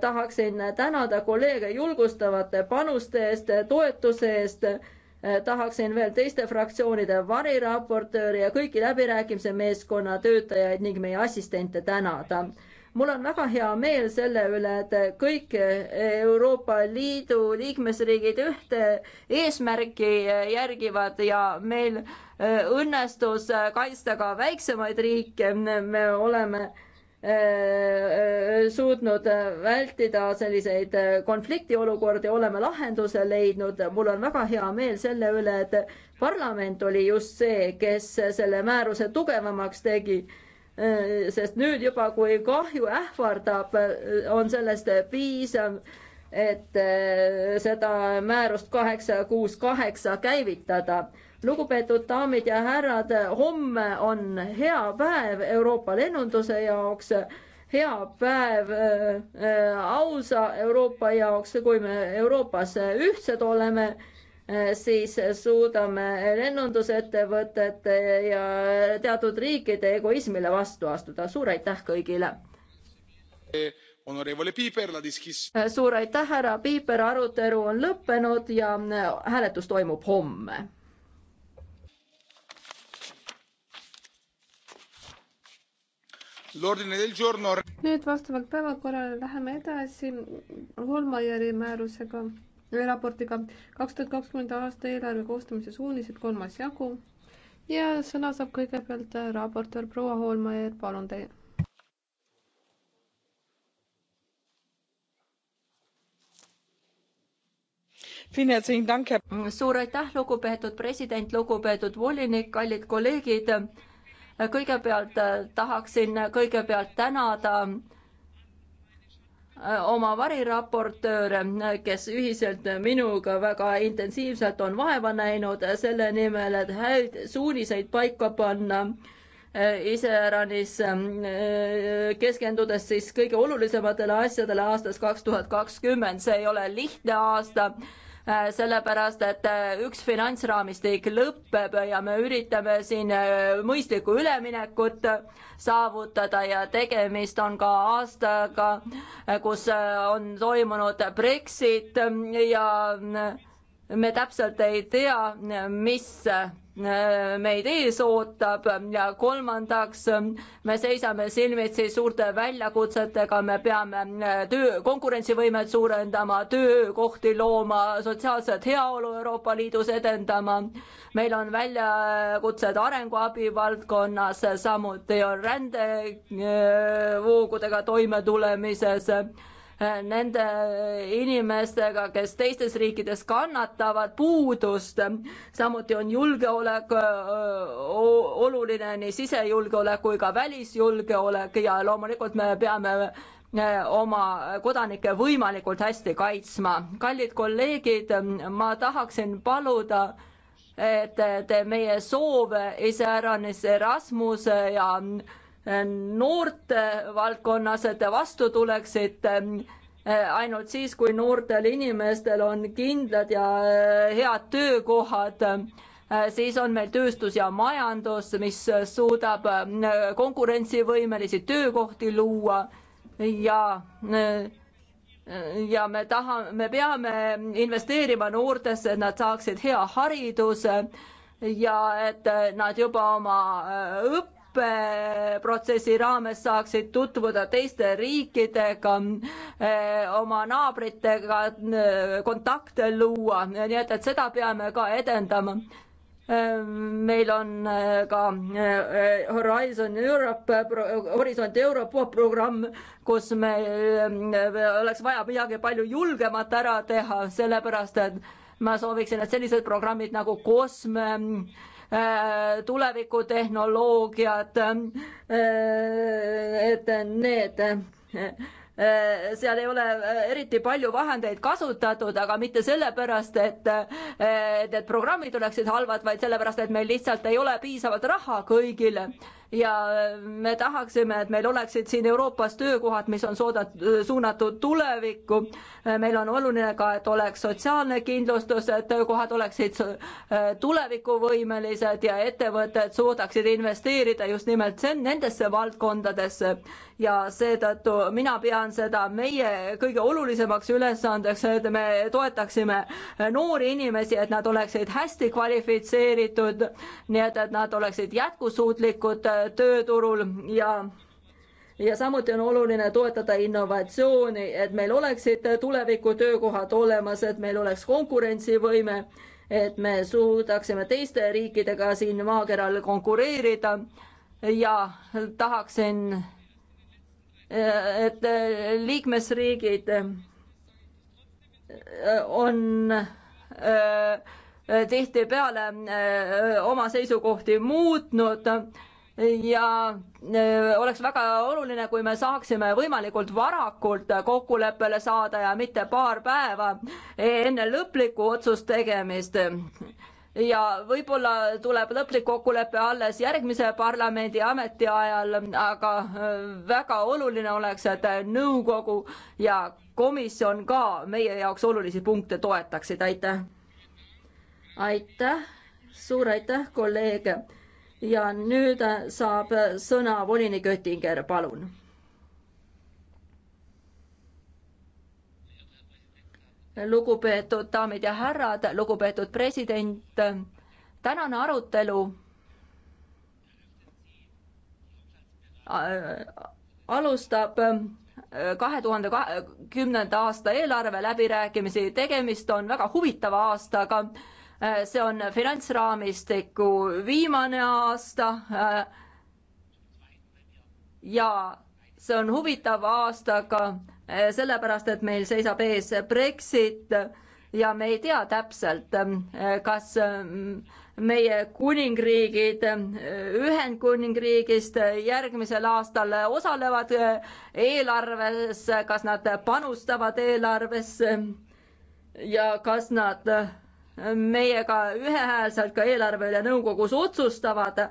tahaksin tänada kolleege julgustavate panuste eest, toetuse eest. tahaksin veel teiste fraktsioonide variraportööri ja kõiki läbirääkimise meeskonna töötajaid ning meie assistente tänada mul on väga hea meel selle üle, et kõik Euroopa Liidu liikmesriigid ühte eesmärki järgivad ja meil õnnestus kaitsta ka väiksemaid riike, me oleme eh, suutnud vältida selliseid konfliktiolukordi, oleme lahenduse leidnud. mul on väga hea meel selle üle, et parlament oli just see, kes selle määruse tugevamaks tegi Äh, sest nüüd juba, kui kahju ähvardab, äh, on sellest piisav, et äh, seda määrust kaheksa, kuus, kaheksa käivitada. lugupeetud daamid ja härrad, homme on hea päev Euroopa lennunduse jaoks, hea päev ausa Euroopa jaoks, kui me Euroopas ühtsed oleme Eh, siis suudame lennundusettevõtete ja teatud riikide egoismile vastu astuda. suur aitäh kõigile! Eh, suur aitäh, härra Piiper, arutelu on lõppenud ja eh, hääletus toimub homme. nüüd vastavalt päevakorrale läheme edasi Holmajärvi määrusega raportiga kaks tuhat kakskümmend aasta eelarve koostamise suunised, kolmas jagu. ja sõna saab kõigepealt raportöör proua Hoolmeier, palun teie. suur aitäh, lugupeetud president, lugupeetud volinik, kallid kolleegid. kõigepealt tahaksin kõigepealt tänada äh, oma variraportööre, kes ühiselt minuga väga intensiivselt on vaeva näinud selle nimel, et häid suuniseid paika panna iseäranis äh, keskendudes siis kõige olulisematele asjadele aastast kaks tuhat kakskümmend, see ei ole lihtne aasta Äh, sellepärast et äh, üks finantsraamistik lõpeb ja me üritame siin äh, mõistlikku üleminekut saavutada ja tegemist on ka aastaga, kus on toimunud Brexit ja me täpselt ei tea, mis äh, meid ees ootab ja kolmandaks me seisame silmitsi suurte väljakutsetega, me peame äh, töö, konkurentsivõimet suurendama, töökohti looma, sotsiaalset heaolu Euroopa Liidus edendama. meil on väljakutsed arenguabi valdkonnas, samuti on rändevoogudega toimetulemises Äh, nende inimestega, kes teistes riikides kannatavad puudust. samuti on julgeolek äh, oluline, nii sisejulgeolek kui ka välisjulgeolek ja loomulikult me peame äh, oma kodanikke võimalikult hästi kaitsma. kallid kolleegid, ma tahaksin paluda et te meie soove iseäranis Erasmuse ja noorte valdkonnas, et te vastu tuleksite ähm, äh, ainult siis, kui noortel inimestel on kindlad ja äh, head töökohad, äh, siis on meil tööstus ja majandus, mis suudab konkurentsivõimelisi töökohti luua ja ja me tahame, me peame investeerima noortesse, et nad saaksid hea hariduse ja et nad juba oma õpp-, õppeprotsessi raames saaksid tutvuda teiste riikidega, eh, oma naabritega eh, kontakte luua, nii et, et seda peame ka edendama eh, meil on ka Horizon Europe, Horisont Euroopa programm, kus meil oleks vaja midagi palju julgemat ära teha, sellepärast et ma sooviksin, et sellised programmid nagu COSME Äh, tulevikutehnoloogiad, äh, et need äh, seal ei ole eriti palju vahendeid kasutatud, aga mitte sellepärast, et need programmid oleksid halvad, vaid sellepärast, et meil lihtsalt ei ole piisavalt raha kõigile ja me tahaksime, et meil oleksid siin Euroopas töökohad, mis on soodat-, suunatud tulevikku. meil on oluline ka, et oleks sotsiaalne kindlustus, et töökohad oleksid tulevikuvõimelised ja ettevõtted suudaksid investeerida just nimelt sen-, nendesse valdkondadesse ja seetõttu mina pean seda meie kõige olulisemaks ülesandeks, et me toetaksime noori inimesi, et nad oleksid hästi kvalifitseeritud, nii et, et nad oleksid jätkusuutlikud äh, tööturul ja ja samuti on oluline toetada innovatsiooni, et meil oleksid tuleviku töökohad olemas, et meil oleks konkurentsivõime, et me suudaksime teiste riikidega siin maakeral konkureerida ja tahaksin et äh, liikmesriigid äh, on äh, tihtipeale oma seisukohti muutnud ja oleks väga oluline, kui me saaksime võimalikult varakult kokkuleppele saada ja mitte paar päeva enne lõplikku otsust tegemist ja võib-olla tuleb lõplik kokkulepe alles järgmise parlamendi ametiajal, aga äh, väga oluline oleks, et nõukogu ja komisjon ka meie jaoks olulisi punkte toetaksid, aitäh. aitäh, suur aitäh, kolleeg. ja nüüd saab sõna volinik Oettinger, palun lugupeetud daamid ja härrad, lugupeetud president, tänane arutelu äh, alustab äh, kahe tuhande kümnenda aasta eelarve läbirääkimisi, tegemist on väga huvitava aastaga. Äh, see on finantsraamistiku viimane aasta. ja see on huvitava aastaga Eh, sellepärast et meil seisab ees Brexit ja me ei tea täpselt, eh, kas mm, meie kuningriigid eh, Ühendkuningriigist järgmisel aastal osalevad eelarves, kas nad panustavad eelarvesse ja kas nad meiega ühehäälselt ka eelarve üle nõukogus otsustavad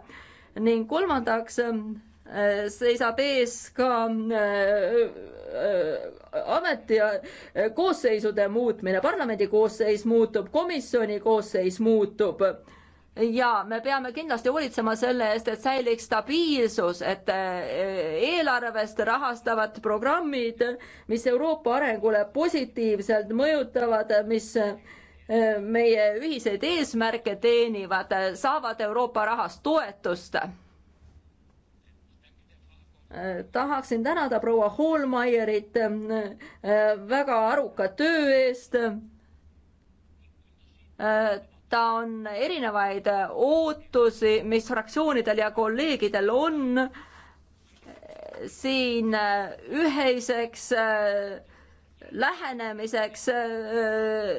ning kolmandaks seisab ees ka Äh, ameti äh, koosseisude muutmine, parlamendi koosseis muutub, komisjoni koosseis muutub ja me peame kindlasti hoolitsema selle eest, et säiliks stabiilsus, et äh, eelarvest rahastavad programmid, mis Euroopa arengule positiivselt mõjutavad, mis meie ühiseid eesmärke teenivad, saavad Euroopa rahast toetust tahaksin tänada proua Hoolmeierit äh, väga aruka töö eest. Äh, ta on erinevaid ootusi, mis fraktsioonidel ja kolleegidel on siin äh, ühiseks lähenemiseks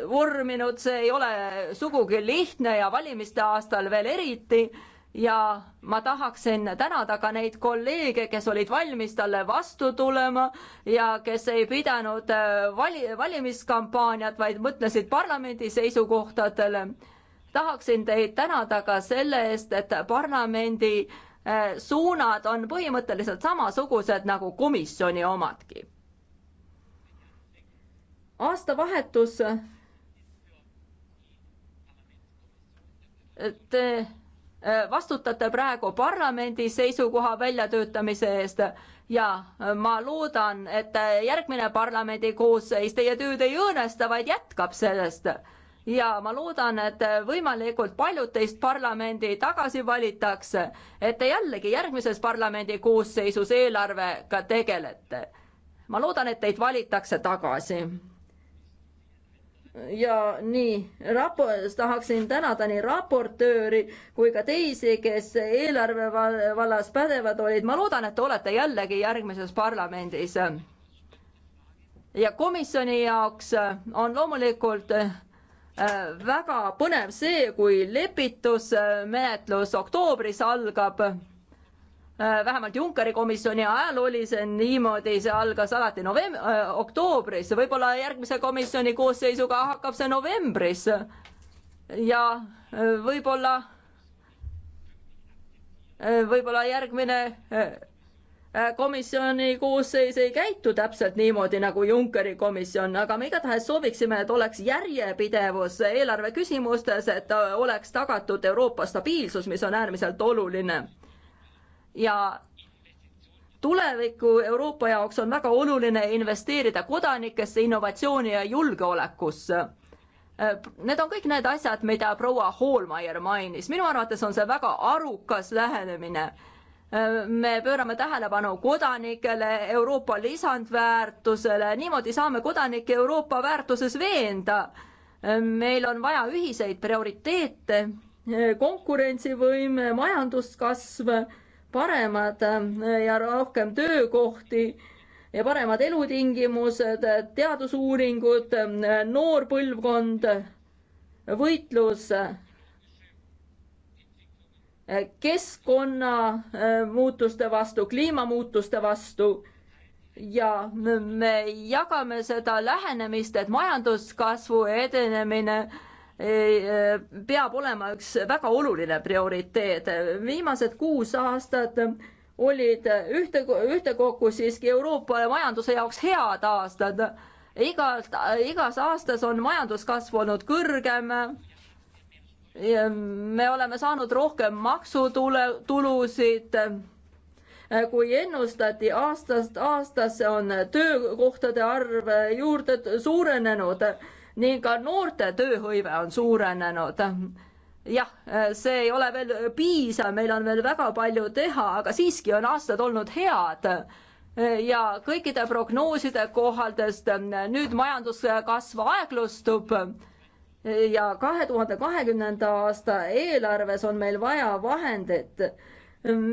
vorminud, see ei ole sugugi lihtne ja valimiste aastal veel eriti ja ma tahaksin tänada ka neid kolleege, kes olid valmis talle vastu tulema ja kes ei pidanud äh, vali, valimiskampaaniat, vaid mõtlesid parlamendi seisukohtadele. tahaksin teid tänada ka selle eest, et parlamendi äh, suunad on põhimõtteliselt samasugused nagu komisjoni omadki. aastavahetus. Äh, te vastutate praegu parlamendi seisukoha väljatöötamise eest ja ma loodan, et järgmine parlamendi koosseis teie tööd ei õõnesta, vaid jätkab sellest. ja ma loodan, et võimalikult paljud teist parlamendi tagasi valitakse, et te jällegi järgmises parlamendi koosseisus eelarvega tegelete. ma loodan, et teid valitakse tagasi ja nii rapo-, tahaksin tänada nii raportööri kui ka teisi, kes eelarve vallas pädevad olid. ma loodan, et te olete jällegi järgmises parlamendis. ja komisjoni jaoks on loomulikult äh, väga põnev see, kui lepitusmenetlus oktoobris algab Äh, vähemalt Junckeri komisjoni ajal oli see niimoodi, see algas alati novem-, äh, oktoobris, võib-olla järgmise komisjoni koosseisuga hakkab see novembris. ja äh, võib-olla, võib-olla järgmine komisjoni koosseis ei käitu täpselt niimoodi nagu Junckeri komisjon, aga me igatahes sooviksime, et oleks järjepidevus eelarve küsimustes, et oleks tagatud Euroopa stabiilsus, mis on äärmiselt oluline ja tuleviku Euroopa jaoks on väga oluline investeerida kodanikesse, innovatsiooni ja julgeolekusse. Äh, need on kõik need asjad, mida proua Hoolmeier mainis, minu arvates on see väga arukas lähenemine äh, me pöörame tähelepanu kodanikele, Euroopa lisandväärtusele, niimoodi saame kodanikke Euroopa väärtuses veenda. Äh, meil on vaja ühiseid prioriteete, konkurentsivõime, majanduskasv paremad äh, ja rohkem töökohti ja paremad elutingimused, teadusuuringud, äh, noor põlvkond, võitlus äh, keskkonnamuutuste vastu, kliimamuutuste vastu ja me jagame seda lähenemist, et majanduskasvu edenemine Eh, peab olema üks väga oluline prioriteet. viimased kuus aastat olid ühte, ühtekokku siiski Euroopa majanduse jaoks head aastad. igalt, igas aastas on majandus kasvanud kõrgem. me oleme saanud rohkem maksutule, tulusid kui ennustati aastast aastasse on töökohtade arv juurde suurenenud ning ka noorte tööhõive on suurenenud jah, see ei ole veel piisav, meil on veel väga palju teha, aga siiski on aastad olnud head ja kõikide prognooside kohaselt nüüd majanduskasv aeglustub ja kahe tuhande kahekümnenda aasta eelarves on meil vaja vahendeid,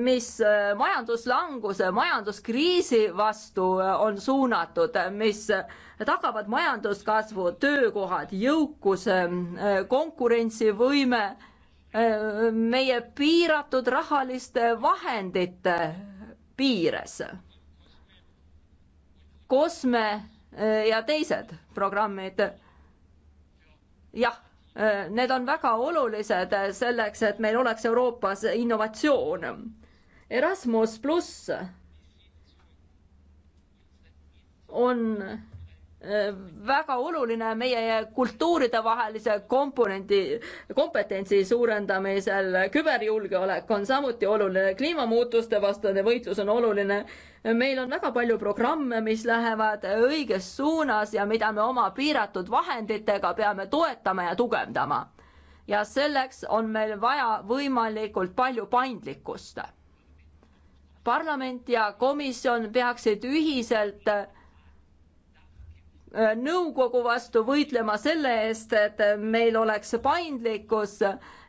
mis majanduslanguse, majanduskriisi vastu on suunatud, mis tagavad majanduskasvu, töökohad, jõukuse, ähm, äh, konkurentsivõime äh, meie piiratud rahaliste vahendite piires. Kosme äh, ja teised programmid. jah, need on väga olulised selleks, et meil oleks Euroopas innovatsioon. Erasmus pluss on väga oluline meie kultuuridevahelise komponendi, kompetentsi suurendamisel, küberjulgeolek on samuti oluline, kliimamuutuste vastane võitlus on oluline. meil on väga palju programme, mis lähevad õiges suunas ja mida me oma piiratud vahenditega peame toetama ja tugevdama. ja selleks on meil vaja võimalikult palju paindlikkust. parlament ja komisjon peaksid ühiselt Äh, nõukogu vastu võitlema selle eest, et meil oleks paindlikkus,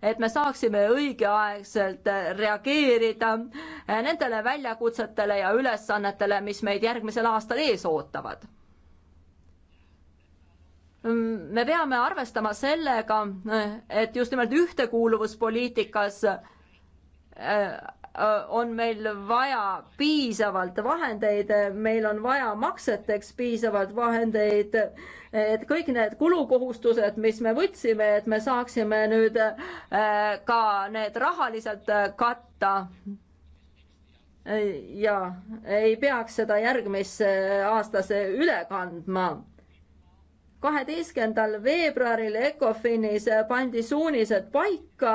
et me saaksime õigeaegselt reageerida äh, nendele väljakutsetele ja ülesannetele, mis meid järgmisel aastal ees ootavad. Mm, me peame arvestama sellega, äh, et just nimelt ühtekuuluvuspoliitikas Äh, on meil vaja piisavalt vahendeid, meil on vaja makseteks piisavalt vahendeid, et kõik need kulukohustused, mis me võtsime, et me saaksime nüüd äh, ka need rahaliselt katta. ja ei peaks seda järgmisse aastasse üle kandma kaheteistkümnendal veebruaril ECOFINis pandi suunised paika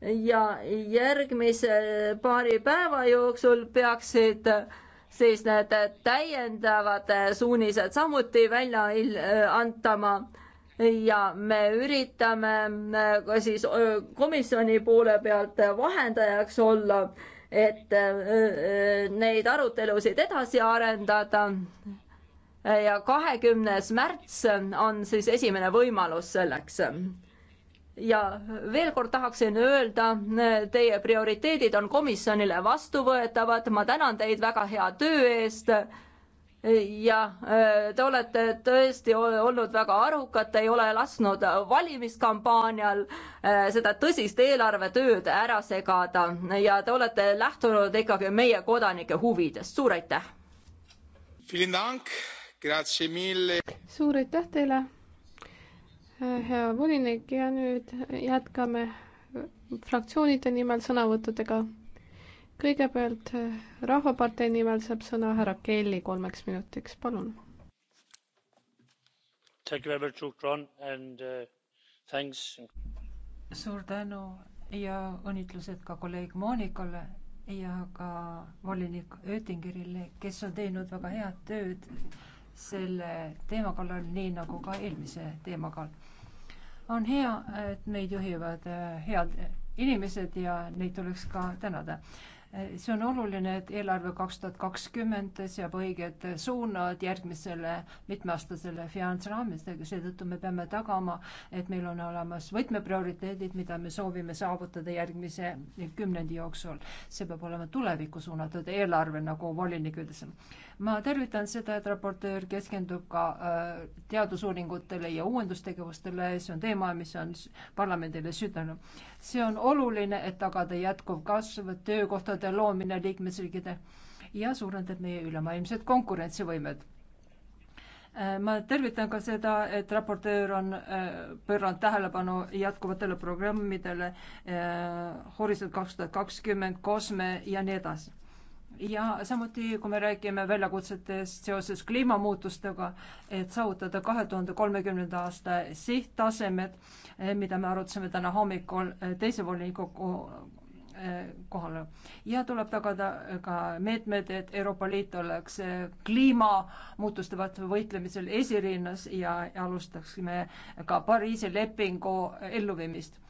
ja järgmise paari päeva jooksul peaksid siis need täiendavad suunised samuti välja antama ja me üritame ka siis komisjoni poole pealt vahendajaks olla, et neid arutelusid edasi arendada. ja kahekümnes märts on siis esimene võimalus selleks ja veel kord tahaksin öelda, teie prioriteedid on komisjonile vastuvõetavad, ma tänan teid väga hea töö eest. ja äh, te olete tõesti olnud väga arukad, te ei ole lasknud valimiskampaanial äh, seda tõsist eelarvetööd ära segada ja te olete lähtunud ikkagi meie kodanike huvidest, suur aitäh! suur aitäh teile! Äh, hea volinik ja nüüd jätkame fraktsioonide nimel sõnavõttudega. kõigepealt äh, Rahvapartei nimel saab sõna härra Kelly kolmeks minutiks, palun. Uh, suur tänu ja õnnitlused ka kolleeg Monikale ja ka volinik Oettingerile, kes on teinud väga head tööd selle teema kallal, nii nagu ka eelmise teema kallal. on hea, et meid juhivad äh, head inimesed ja neid tuleks ka tänada see on oluline, et eelarve kaks tuhat kakskümmend seab õiged suunad järgmisele mitmeaastasele finantsraamistega, seetõttu me peame tagama, et meil on olemas võtmeprioriteedid, mida me soovime saavutada järgmise kümnendi jooksul. see peab olema tulevikku suunatud eelarve, nagu volinik ütles. ma tervitan seda, et raportöör keskendub ka äh, teadusuuringutele ja uuendustegevustele, see on teema, mis on parlamendile südame see on oluline, et tagada jätkuv kasv, töökohtade loomine liikmesriikide ja suurendab meie ülemaailmset konkurentsivõimet äh, ma tervitan ka seda, et raportöör on äh, pööranud tähelepanu jätkuvatele programmidele äh, Horisont kaks tuhat kakskümmend, Kosme ja nii edasi ja samuti, kui me räägime väljakutsetest seoses kliimamuutustega, et saavutada kahe tuhande kolmekümnenda aasta sihttasemed, eh, mida me arutasime täna hommikul eh, teise volikogu eh, kohale ja tuleb tagada ka meetmed, et Euroopa Liit oleks kliimamuutuste vastu võitlemisel esirinnas ja alustaksime ka Pariisi lepingu elluviimist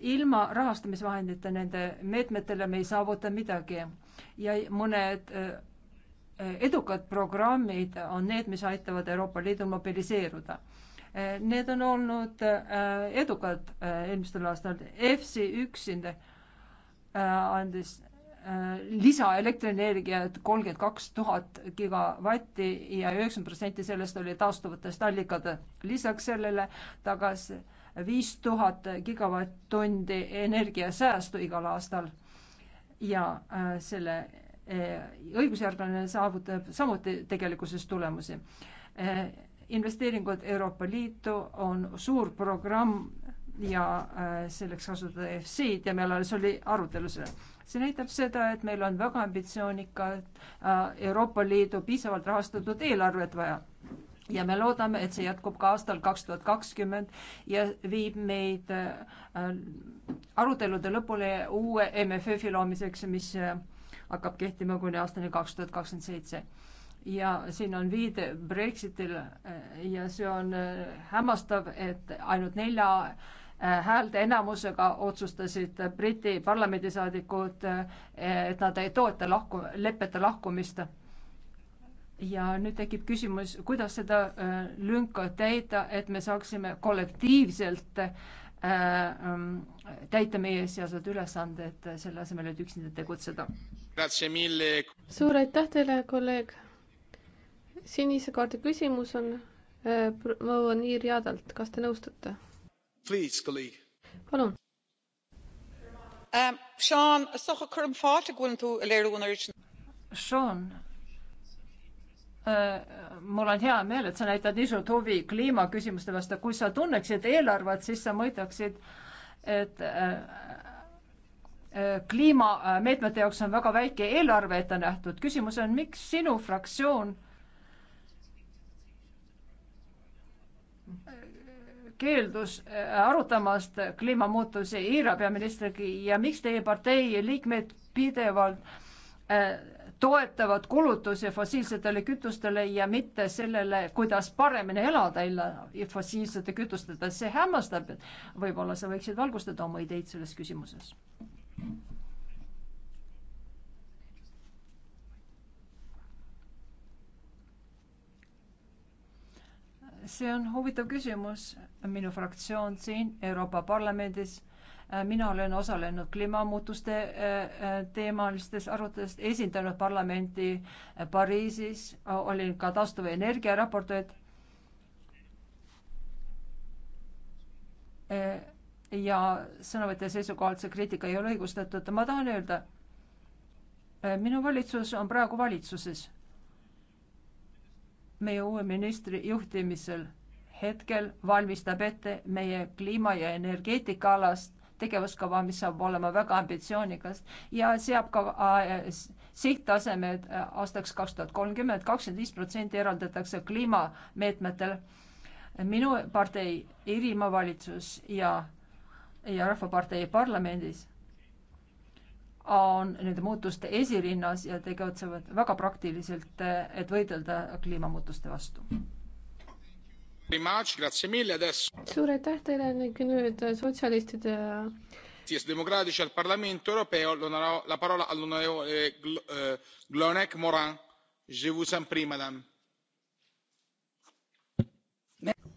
ilma rahastamisvahendite nende meetmetele me ei saavuta midagi ja mõned eh, edukad programmid on need, mis aitavad Euroopa Liidul mobiliseeruda. Eh, need on olnud eh, edukad eelmistel aastal. EFSI üksinda andis lisaelektrienergiat kolmkümmend kaks tuhat gigavatti ja üheksakümmend protsenti sellest oli taastuvatest allikad. lisaks sellele tagas viis tuhat gigavatt-tundi energiasäästu igal aastal ja äh, selle äh, õigusjärglane saavutab samuti tegelikkuses tulemusi. Äh, investeeringud Euroopa Liitu on suur programm ja selleks kasutada EFC-d ja meil alles oli arutelu selle. see näitab seda, et meil on väga ambitsioonikad Euroopa Liidu piisavalt rahastatud eelarvet vaja ja me loodame, et see jätkub ka aastal kaks tuhat kakskümmend ja viib meid äh, arutelude lõpule uue MFF-i loomiseks, mis äh, hakkab kehtima kuni aastani kaks tuhat kakskümmend seitse. ja siin on viide Brexitile äh, ja see on hämmastav, et ainult nelja häälte enamusega otsustasid Briti parlamendisaadikud, et nad ei toeta lahku, leppeta lahkumist ja nüüd tekib küsimus, kuidas seda äh, lünka täita, et me saaksime kollektiivselt äh, äh, täita meie sealsed ülesanded, äh, selle asemel, et üksinda tegutseda. suur aitäh teile, kolleeg. sinise kaardi küsimus on äh, proua Niir Jadalt, kas te nõustute? palun. Ähm, Sean, Äh, mul on hea meel, et sa näitad niisugust huvi kliimaküsimuste vastu. kui sa tunneksid eelarvet, siis sa mõistaksid, et äh, äh, kliimameetmete jaoks on väga väike eelarve ette nähtud. küsimus on, miks sinu fraktsioon keeldus arutamast kliimamuutusi Iira peaministriga ja miks teie partei liikmed pidevalt äh, toetavad kulutusi fossiilsetele kütustele ja mitte sellele, kuidas paremini elada ilma fossiilsete kütusteta, see hämmastab, et võib-olla sa võiksid valgustada oma ideid selles küsimuses. see on huvitav küsimus, minu fraktsioon siin Euroopa Parlamendis Äh, mina olen osalenud kliimamuutuste äh, äh, teemalistes aruteludes, esindanud parlamenti Pariisis, olin ka taastuvenergia raportöör ja sõnavõtja seisukohalt see kriitika ei ole õigustatud. ma tahan öelda, minu valitsus on praegu valitsuses. meie uue ministri juhtimisel hetkel valmistab ette meie kliima ja energeetika alast tegevuskava, mis saab olema väga ambitsioonikas ja seab ka äh, sihttasemed äh, aastaks kaks tuhat kolmkümmend, kakskümmend viis protsenti eraldatakse kliimameetmetel. minu partei, Iirimaa valitsus ja, ja Rahvapartei parlamendis on nende muutuste esirinnas ja tegutsevad väga praktiliselt, äh, et võidelda kliimamuutuste vastu suur aitäh teile ning nüüd äh, sotsialistide ja äh, democratici al parlamento europeo la parola all'onorevole eh, eh, glonek morin je vous en prie madame.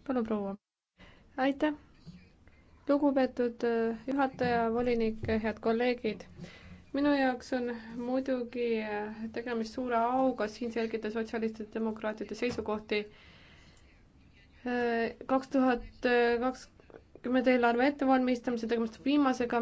palun proua. aitäh. lugupeetud äh, juhataja, volinik, head kolleegid. minu jaoks on muidugi tegemist suure auga siin selgitada sotsialistide demokraatide seisukohti Äh, kaks tuhat äh, kakskümmend eelarve ettevalmistamisega, tegemist viimasega.